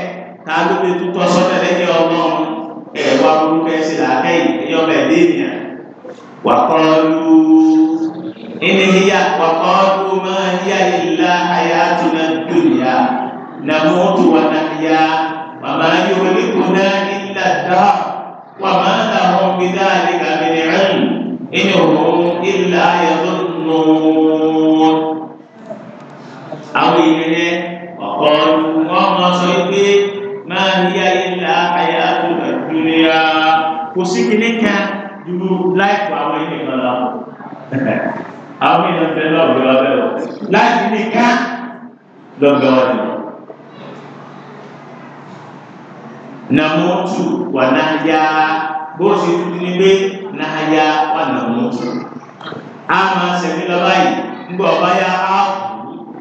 ká ló lè tó tọ́ sọ́dọ̀ lẹ́yìn ọmọ ẹ̀wà burúkú ẹ̀sìn làákẹ́yìn ẹ̀yọ́ bẹ́ẹ̀ léèyàn wà kọ́ lù ìníyà wà kọ́ lù máa yá ìlà hayatuna dunya namutu wa nahya wa ma yuhlikuna illa ad-dahr wa ma lahum bidhalika min 'ilm. إن هم إلا يظنون أو يمنع وقالوا وما صيبي ما هي إلا حياتنا الدنيا كسكنك dúró láìpẹ́ àwọn ilé kan lọ. Àwọn èèyàn fẹ́ lọ́gbẹ̀ ọbẹ̀ wọ̀. Láti ní ká lọ́gbẹ̀ ọdún. Nàmọ́tù wà náà yá bó ṣe dúdú ní pé náà ya wà náà mú a máa ṣẹ̀mí lọ báyìí nígbà ọba ya á kú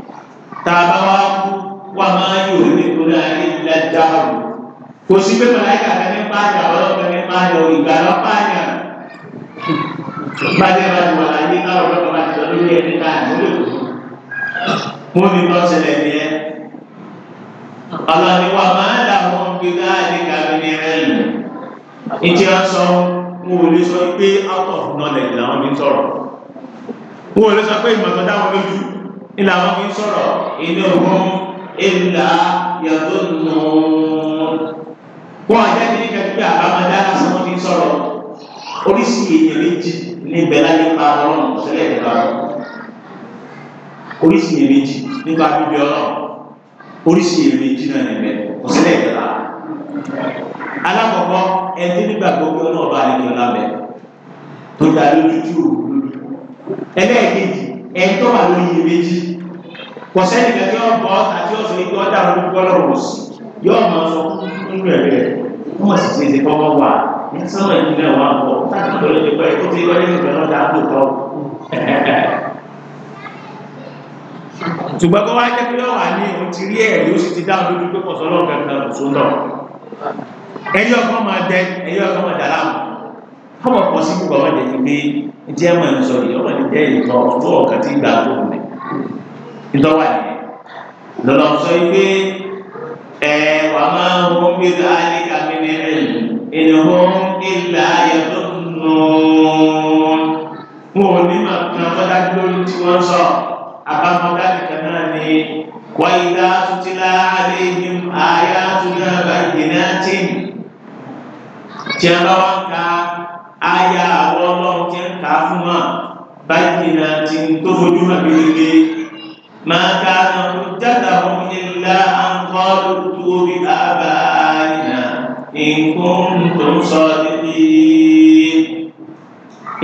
tá a bá wá kú wà máa yí òun nítorí ayé ìlà dáhùn kò sí pé màláìka kan ní pààyà ọlọ́pàá ní pààyà ìgbà lọ pààyà bájẹ́ bá ti wà láyé káwọn ọlọ́pàá bá ti lọ lórí ẹni náà nílò mo ní lọ ṣẹlẹ̀ nìyẹn ọlọ́ni wà máa dà wọn gbé káàdì kàmí ní ẹ̀rù ìtì aṣọ wọn ò lè sọ pé out of knowledge làwọn fi ń sọ̀rọ̀ wọn ò lè sọ pé ìmọ̀tọ́ dáwọn lójú ni làwọn fi ń sọ̀rọ̀ inú wọn ìlà yàtọ̀ nù wọn àjẹ́ kìíní kẹ́kẹ́ àbámadá lásán wọn fi ń sọ̀rọ̀ oríṣi èèyàn méjì níbẹ̀ láyé pa ọlọ́run sílẹ̀ nípa oríṣi èèyàn méjì nípa bíbí ọlọ́run oríṣi èèyàn méjì náà níbẹ̀ kò sílẹ̀ nípa alákọ̀ọ́kọ́ ẹni nígbàgbọ́ pé ọlọ́ọ̀bá àlejò lábẹ́ tó dá lójú tí ò lórí ẹlẹ́ẹ̀kejì ẹni tó wà lórí iye méjì kò sẹ́ni kẹ́kẹ́ ọ̀bọ̀ àti ọ̀sẹ̀ ikú ọ̀dà ọ̀rọ̀ gbọ́lọ́rọ̀ sí yóò máa sọ nínú ẹ̀rẹ́ wọ́n mọ̀ sí ti ṣe kọ́kọ́ wà ní sọ́wọ́ ìlú náà wà pọ̀ táwọn ọ̀dọ́ lè pẹ́ tó ti wọlé ìgbẹ́ náà dá lóòótọ́ ṣùgbọ́n ẹyọ ọkọ máa dẹ ẹyọ ọkọ máa dàlá kọmọ pọ sí gbogbo àwọn ẹdẹ pé ntí ẹ máa ń sọ yìí ọmọ ẹdẹ ìtọ tó ọkàn tí gbà tó nù ìtọwà yìí lọlọ sọ yìí pé ẹ wà máa ń wọn bí láàyè kàmínì rẹ ìnáwó ìlà ayọ̀tọ̀ nù wọn ò ní máa kàn fọdá lórí tí wọn sọ àbámọdá nìkan náà ni wáyé dá tutila àlẹ́ yìí àyà tutila tí a bá wá ń ka aya àwọn ọlọ́run tí a ń kà á fún wa báyìí náà ti ń tó fojú hàn gbèrègbè máa ka àwọn jáde àwọn ilá àǹkọ́ lóòótọ́ orí àbá àyìnà nǹkan tó ń sọ níbi.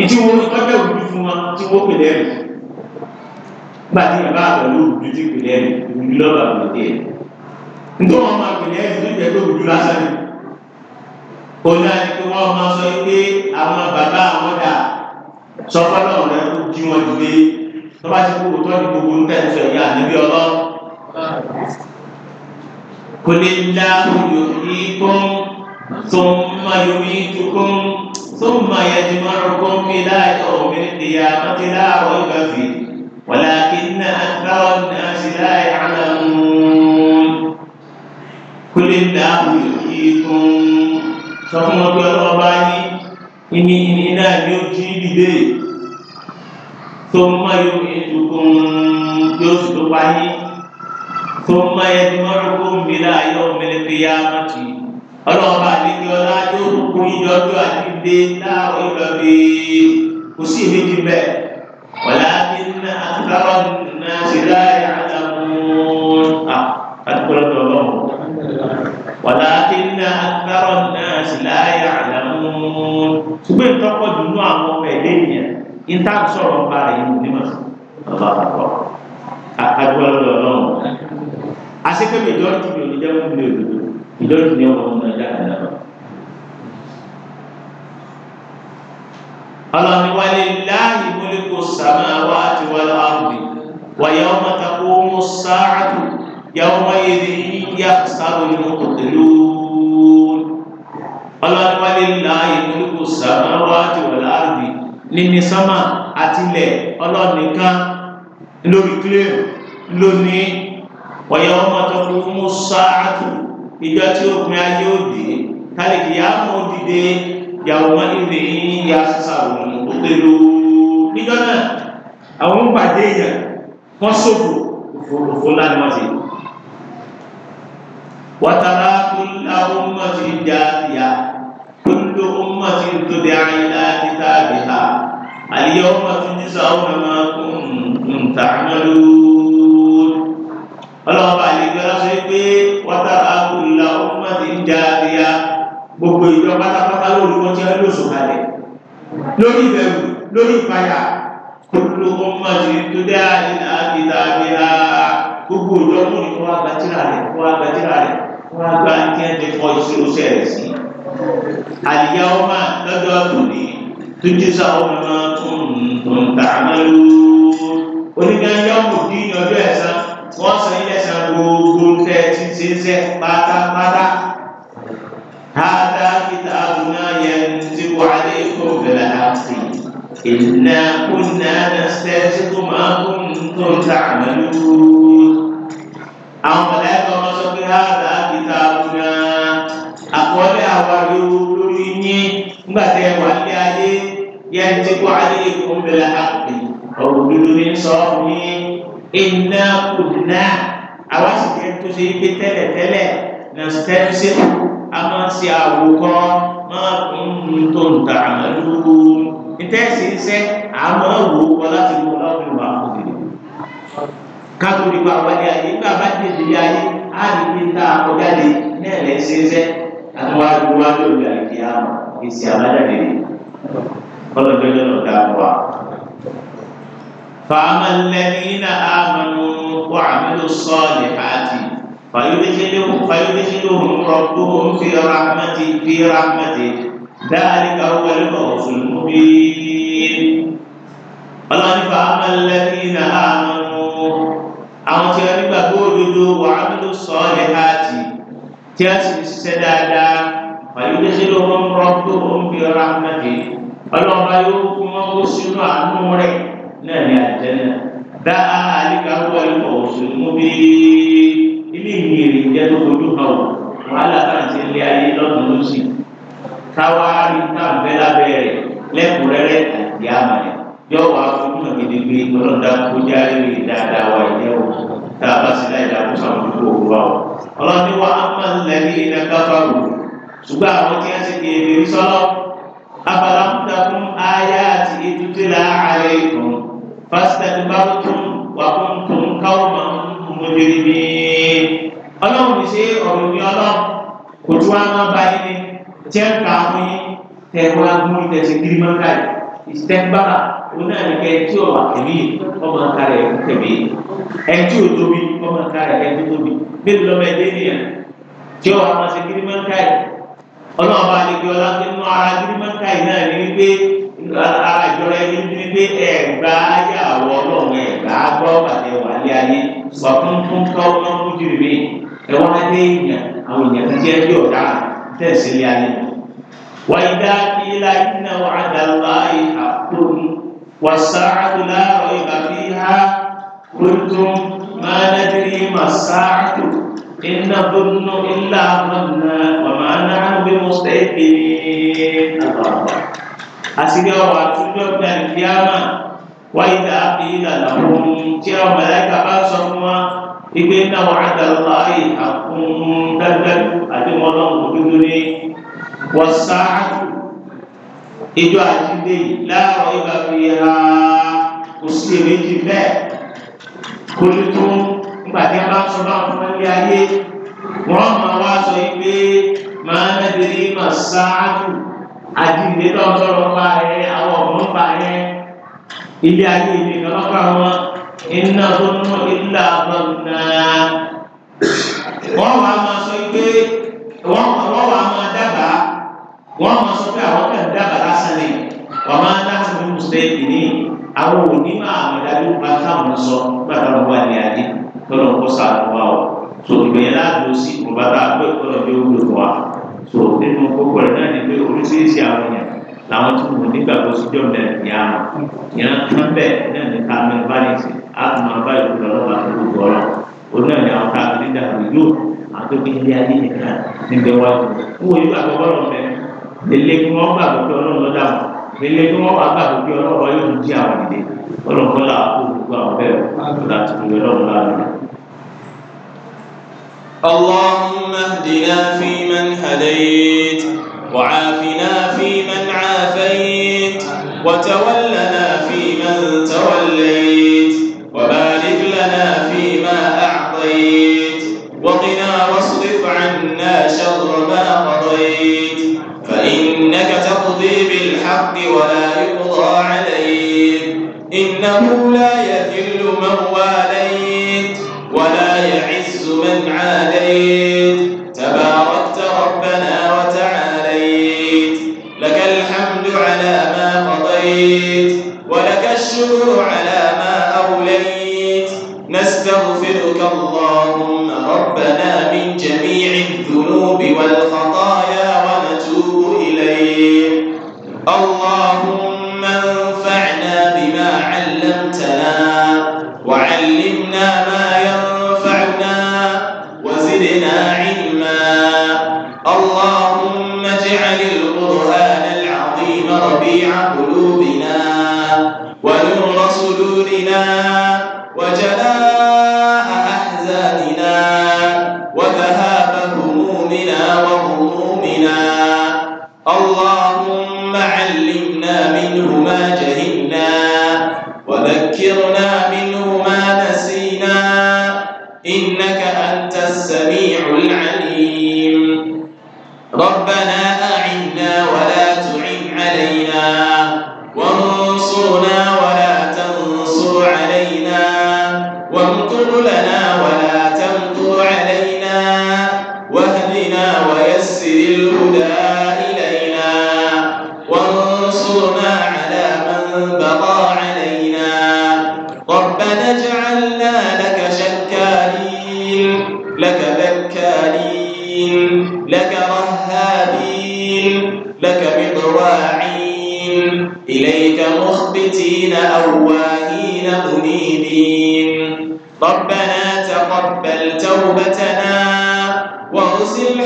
ìtí wo ni tọ́jú òbí fún wa tí wọ́n pè lẹ́rù gbàdí ìyàbá àbẹ̀lú òbí tí pè lẹ́rù òbí lọ́ba òbí díẹ̀. nítorí wọn máa pè lẹ́rù tó jẹ́ pé òbí lásán ni oní àdìpé wọn máa sọ pé àwọn bàbá àwọn dà sọfọlọ rẹ kó jí wọn dìde tó bá ti kú òótọ́ ní gbogbo ń tẹ̀sán ìyá níbi ọlọ́. kulillahu yuhyikum thumma yumitukum thumma yajma'ukum ila yawmil qiyamati la rayba fihi walakinna akthara an-nasi la ya'lamun kulillahu yuhyikum sọ fún wọn pé ọlọ́wọ́ bá yín ní ní náà ní ó jí dìde tó mọ yóò ní tukùn yóò sì tó pa yín tó mọ yẹ ní wọn rẹ kó mìíràn ayọ̀ mẹlẹkẹ yá mọtì ọlọ́wọ́ bá ní kí ọlá yóò kó yíjọ ọjọ́ àdìdé láàrọ̀ ìlọbí kò sí méjì bẹ́ẹ̀ wọlá bí ní àtúbáwọ náà ṣe láàyè àtàwọn àtúkọlọtọ Ọlọ́run. ولكن أكثر الناس لا يعلمون سبحان تقوى دنوا أمو بيدينيا إن تابسوا رباري نمس الله أكبر أكبر لهم أسيك ميجورتي بيوني جاوة ميجورتي ميجورتي نيوم أمونا جهنم الله ولله ملك السماوات والأرض ويوم تقوم الساعة يومئذ يخسر المبطلون ọlọ́run wálé ńlá ìmúlùkù sàmáwájú ọ̀làrùbí níní sánmà àtìlẹ̀ ọlọ́nìkan lórí claim lónìí wọ̀yẹ̀ ọmọ tó kú mú sáàtù ìjọ tí òpin ayé òdì kálíkì yá mú dìde yàwó wọn nílé yá sàrùn òtẹ́lú níjọ náà àwọn ń pàdé èèyàn wọn ṣòfò òfò láti wọn ti. وترى كل أمة جاثية كل أمة تدعى إلى كتابها اليوم تجزون ما كنتم تعملون الله عليك رسول وترى كل أمة جاثية gbogbo ìjọ pátápátá lórí wọn tí wọn lò sọ̀kalẹ̀ lórí ìbẹ̀rù lórí ìpayà gbogbo ọmọ ti tó dé àdìdá àdìdá gbogbo ìjọ mú ni wọn agbátírà rẹ wọn agbátírà rẹ wọ́n gba kí ẹ ti kọ ìṣirò sẹ́rẹ̀ sí. àyíyá ọmọ lọ́jọ́ àtòlè tuntun sáwọn ọmọ tó ń tà mẹ́lú. onígbàyà ọmọ dín ní ọjọ́ ẹ̀sán wọ́n ilé ẹ̀sán gbogbo tẹ́ ti ṣe ń sẹ́ pátápátá. هذا كتابنا ينطق عليكم بالحق إنا كنا نستهزئ ما كنتم تعملون àwọn mọ̀lẹ́kọ̀ sọ pé háàdà àwárí lórí yín nígbà tí ẹ wà ní ayé yẹ ń tí kó ayé ìkún bẹ̀rẹ̀ àpè ọ̀rọ̀ dúdú ní sọ fún yín iná kùnà àwa sì jẹ́ tó ṣe pé tẹ́lẹ̀tẹ́lẹ̀ nàìjíríà a máa ń ṣe àwòkọ́ máa ń tó ń ta àmàlú ìtẹ́sí iṣẹ́ àmọ́ wò ó láti mú ọlọ́run wà fún mi kátó nípa àwọn ẹ̀yà yìí gbà bá dèjì ayé á rí pé tá a kọjá lè ní ẹ̀rẹ́ ṣe iṣẹ́ àtúwájú wájú òbí àìkíyàmọ̀ èsì àbájáde yìí ọlọ́dún yóò lọ dáa wá. فأما الذين آمنوا وعملوا الصالحات فيدخلهم فيدخلهم ربهم في رحمته في رحمته ذلك هو الفوز المبين. الله فأما الذين آمنوا أو تنبهوا وعملوا الصالحات tí a sì ṣiṣẹ́ dáadáa fàyọ̀dé sí ló wọ́n rọ́ tó ń fi ọ̀rá mẹ́tẹ̀ ọlọ́ba yóò kú wọn kó sínú àánú rẹ̀ náà ní àjẹ́nà dá àlíkà wọlé ọ̀sùn mú bí ilé ìyèrè jẹ́ tó fojú kan wàhálà kan ti lé ayé lọ́dún lọ́sìn káwáárí náà bẹ́ẹ̀ lábẹ́rẹ́ lẹ́kùnrẹ́rẹ́ àti àmàlẹ́ yọ wà fún náà gidigbe ọlọ́dà kó jáde dáadáa wà ìjẹ́ tá a bá sílẹ̀ ìdàkúsà ojú kò wá o ọlọ́ni wa amalẹ̀lẹ́ ilẹ̀ káfàrù ṣùgbọ́n àwọn tí wọ́n ti di èbèrè e sọ́lọ́ afalamtakun aya àti ìtútìlá ààrẹ ìtàn pásítẹ̀lì bárútún wàkúntún káwọ́mà mọ́jọ́rì mi. ọlọ́run ní ṣe ọ̀rọ̀ mi ọlọ́run kò tún wá máa bá yín ní tí ń ka fún yín tẹ̀wọ́ agbóhùn tẹ̀sí gírímọ́ńkà ìtẹ́gbára onáàlùkẹ́ tí ò wà kẹ́mí ọmọ nǹkan rẹ̀ kẹ́mí ẹ̀ tí ò tóbi ọmọ nǹkan rẹ̀ kẹ́mí tóbi bẹ́ẹ̀ lọ́mọ ẹ̀dẹ́ nìyẹn tí ó wà máa ṣe gírímọ́ńkáì ọlọ́ọ̀bá lè fi ọlá pé nínú ara gírímọ́ńkáì náà ní wípé ara ìjọra ẹni ní wípé ẹ̀gbá yàwó ọlọ́run ẹ̀gbá gbọ́ bàtẹ wà lé ayé wà fún fún káwọn máa ń mú jìrì mí ẹ wá dé èèyàn àwọn èèyàn ti jẹ́ bí ọ̀dà tẹ̀sí lé ayé wà ìdá ilá iná wà dàlá ìhà kúrò wà sáà ما ندري ما الساعة إن نظن إلا ظنا وما نحن بمستيقنين àṣírí ọ̀rọ̀ àtúndọ̀ gba ìfíàmà wáyé dàbí ìlànà òun tí àwọn mẹlẹ́kà bá sọ fún wa ìgbé náà wà á dàlọ́ ayé àkùnrin dáadáa àdémọ́lọ́ òdodo ní wọ́sá ìjọ àjíǹde yìí láàárọ̀ ìbá fi ha kò sí èméjì bẹ́ẹ̀ kò lè tó nígbà tí a bá sọ náà fún ilé ayé wọ́n máa wá sọ yìí pé máa ń dẹ́rẹ́ máa ṣáájú àdìgbé náà sọ̀rọ̀ pa ẹ̀ àwọn ọ̀gbọ́n pa ẹ̀ ilé ayé ilé ìgbàlọ́pàá wọn iná tó ń mọ ilé àgbọ̀nà wọ́n wá máa sọ pé wọ́n wá máa dábàá wọ́n máa sọ pé àwọn kan dábàá lásán ni wọ́n máa ń dá sí mímú sílẹ̀ ìní àwọn òní máa mọ̀ dájú bá táwọn sọ gbàtà wọn wà ní ayé tọ́lọ̀ kọ́ sàánú wa o so ìgbẹ̀yẹ láàbò sí ìmọ̀ba tá a pé ọ̀nà bí ó wúlò fún wa so nínú gbogbo rẹ̀ náà ni pé oríṣiríṣi àwọn èèyàn làwọn tí mo nígbàgbọ́ sí jọ̀ọ̀dẹ̀ ìyá wọn ìyá kan bẹ́ẹ̀ náà ní ká mẹ́rin bá ní sí àtúmọ̀ abáyọ̀ lọ́wọ́ àti gbogbo ọ̀rọ̀ oníyànjú àwọn tá a ti dà wí yóò àtòkè ilé ayé nìkan níbẹ̀ wá jù wọ́n yóò gbàgbọ́ bọ́lọ̀ mẹ́ lélẹ́ kí wọ́n gbàgbọ́ pé ọlọ́run lọ́dà wọn lélẹ́ kí wọ́n wá gbàgbọ́ pé ọlọ́run yóò jí àwọn ìdè olùkọ́lá اللهم اهدنا فيمن هديت وعافنا فيمن عافيت وتولنا فيمن توليت وبارك لنا فيما أعطيت وقنا واصرف عنا شر ما قضيت فإنك تقضي بالحق ولا إنه لا يذل من واليت ولا يعز من عاديت تباركت ربنا وتعاليت لك الحمد على ما قضيت ولك الشكر على ما أوليت نستغفرك اللهم ربنا من جميع الذنوب والخطايا ونتوب إليه الله اللهم علمنا منه ما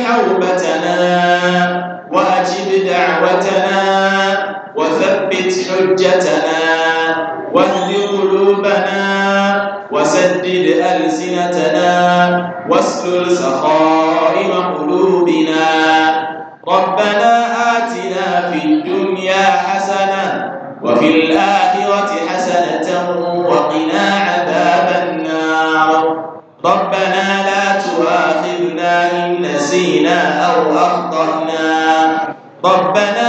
حوبتنا وأخطأنا ربنا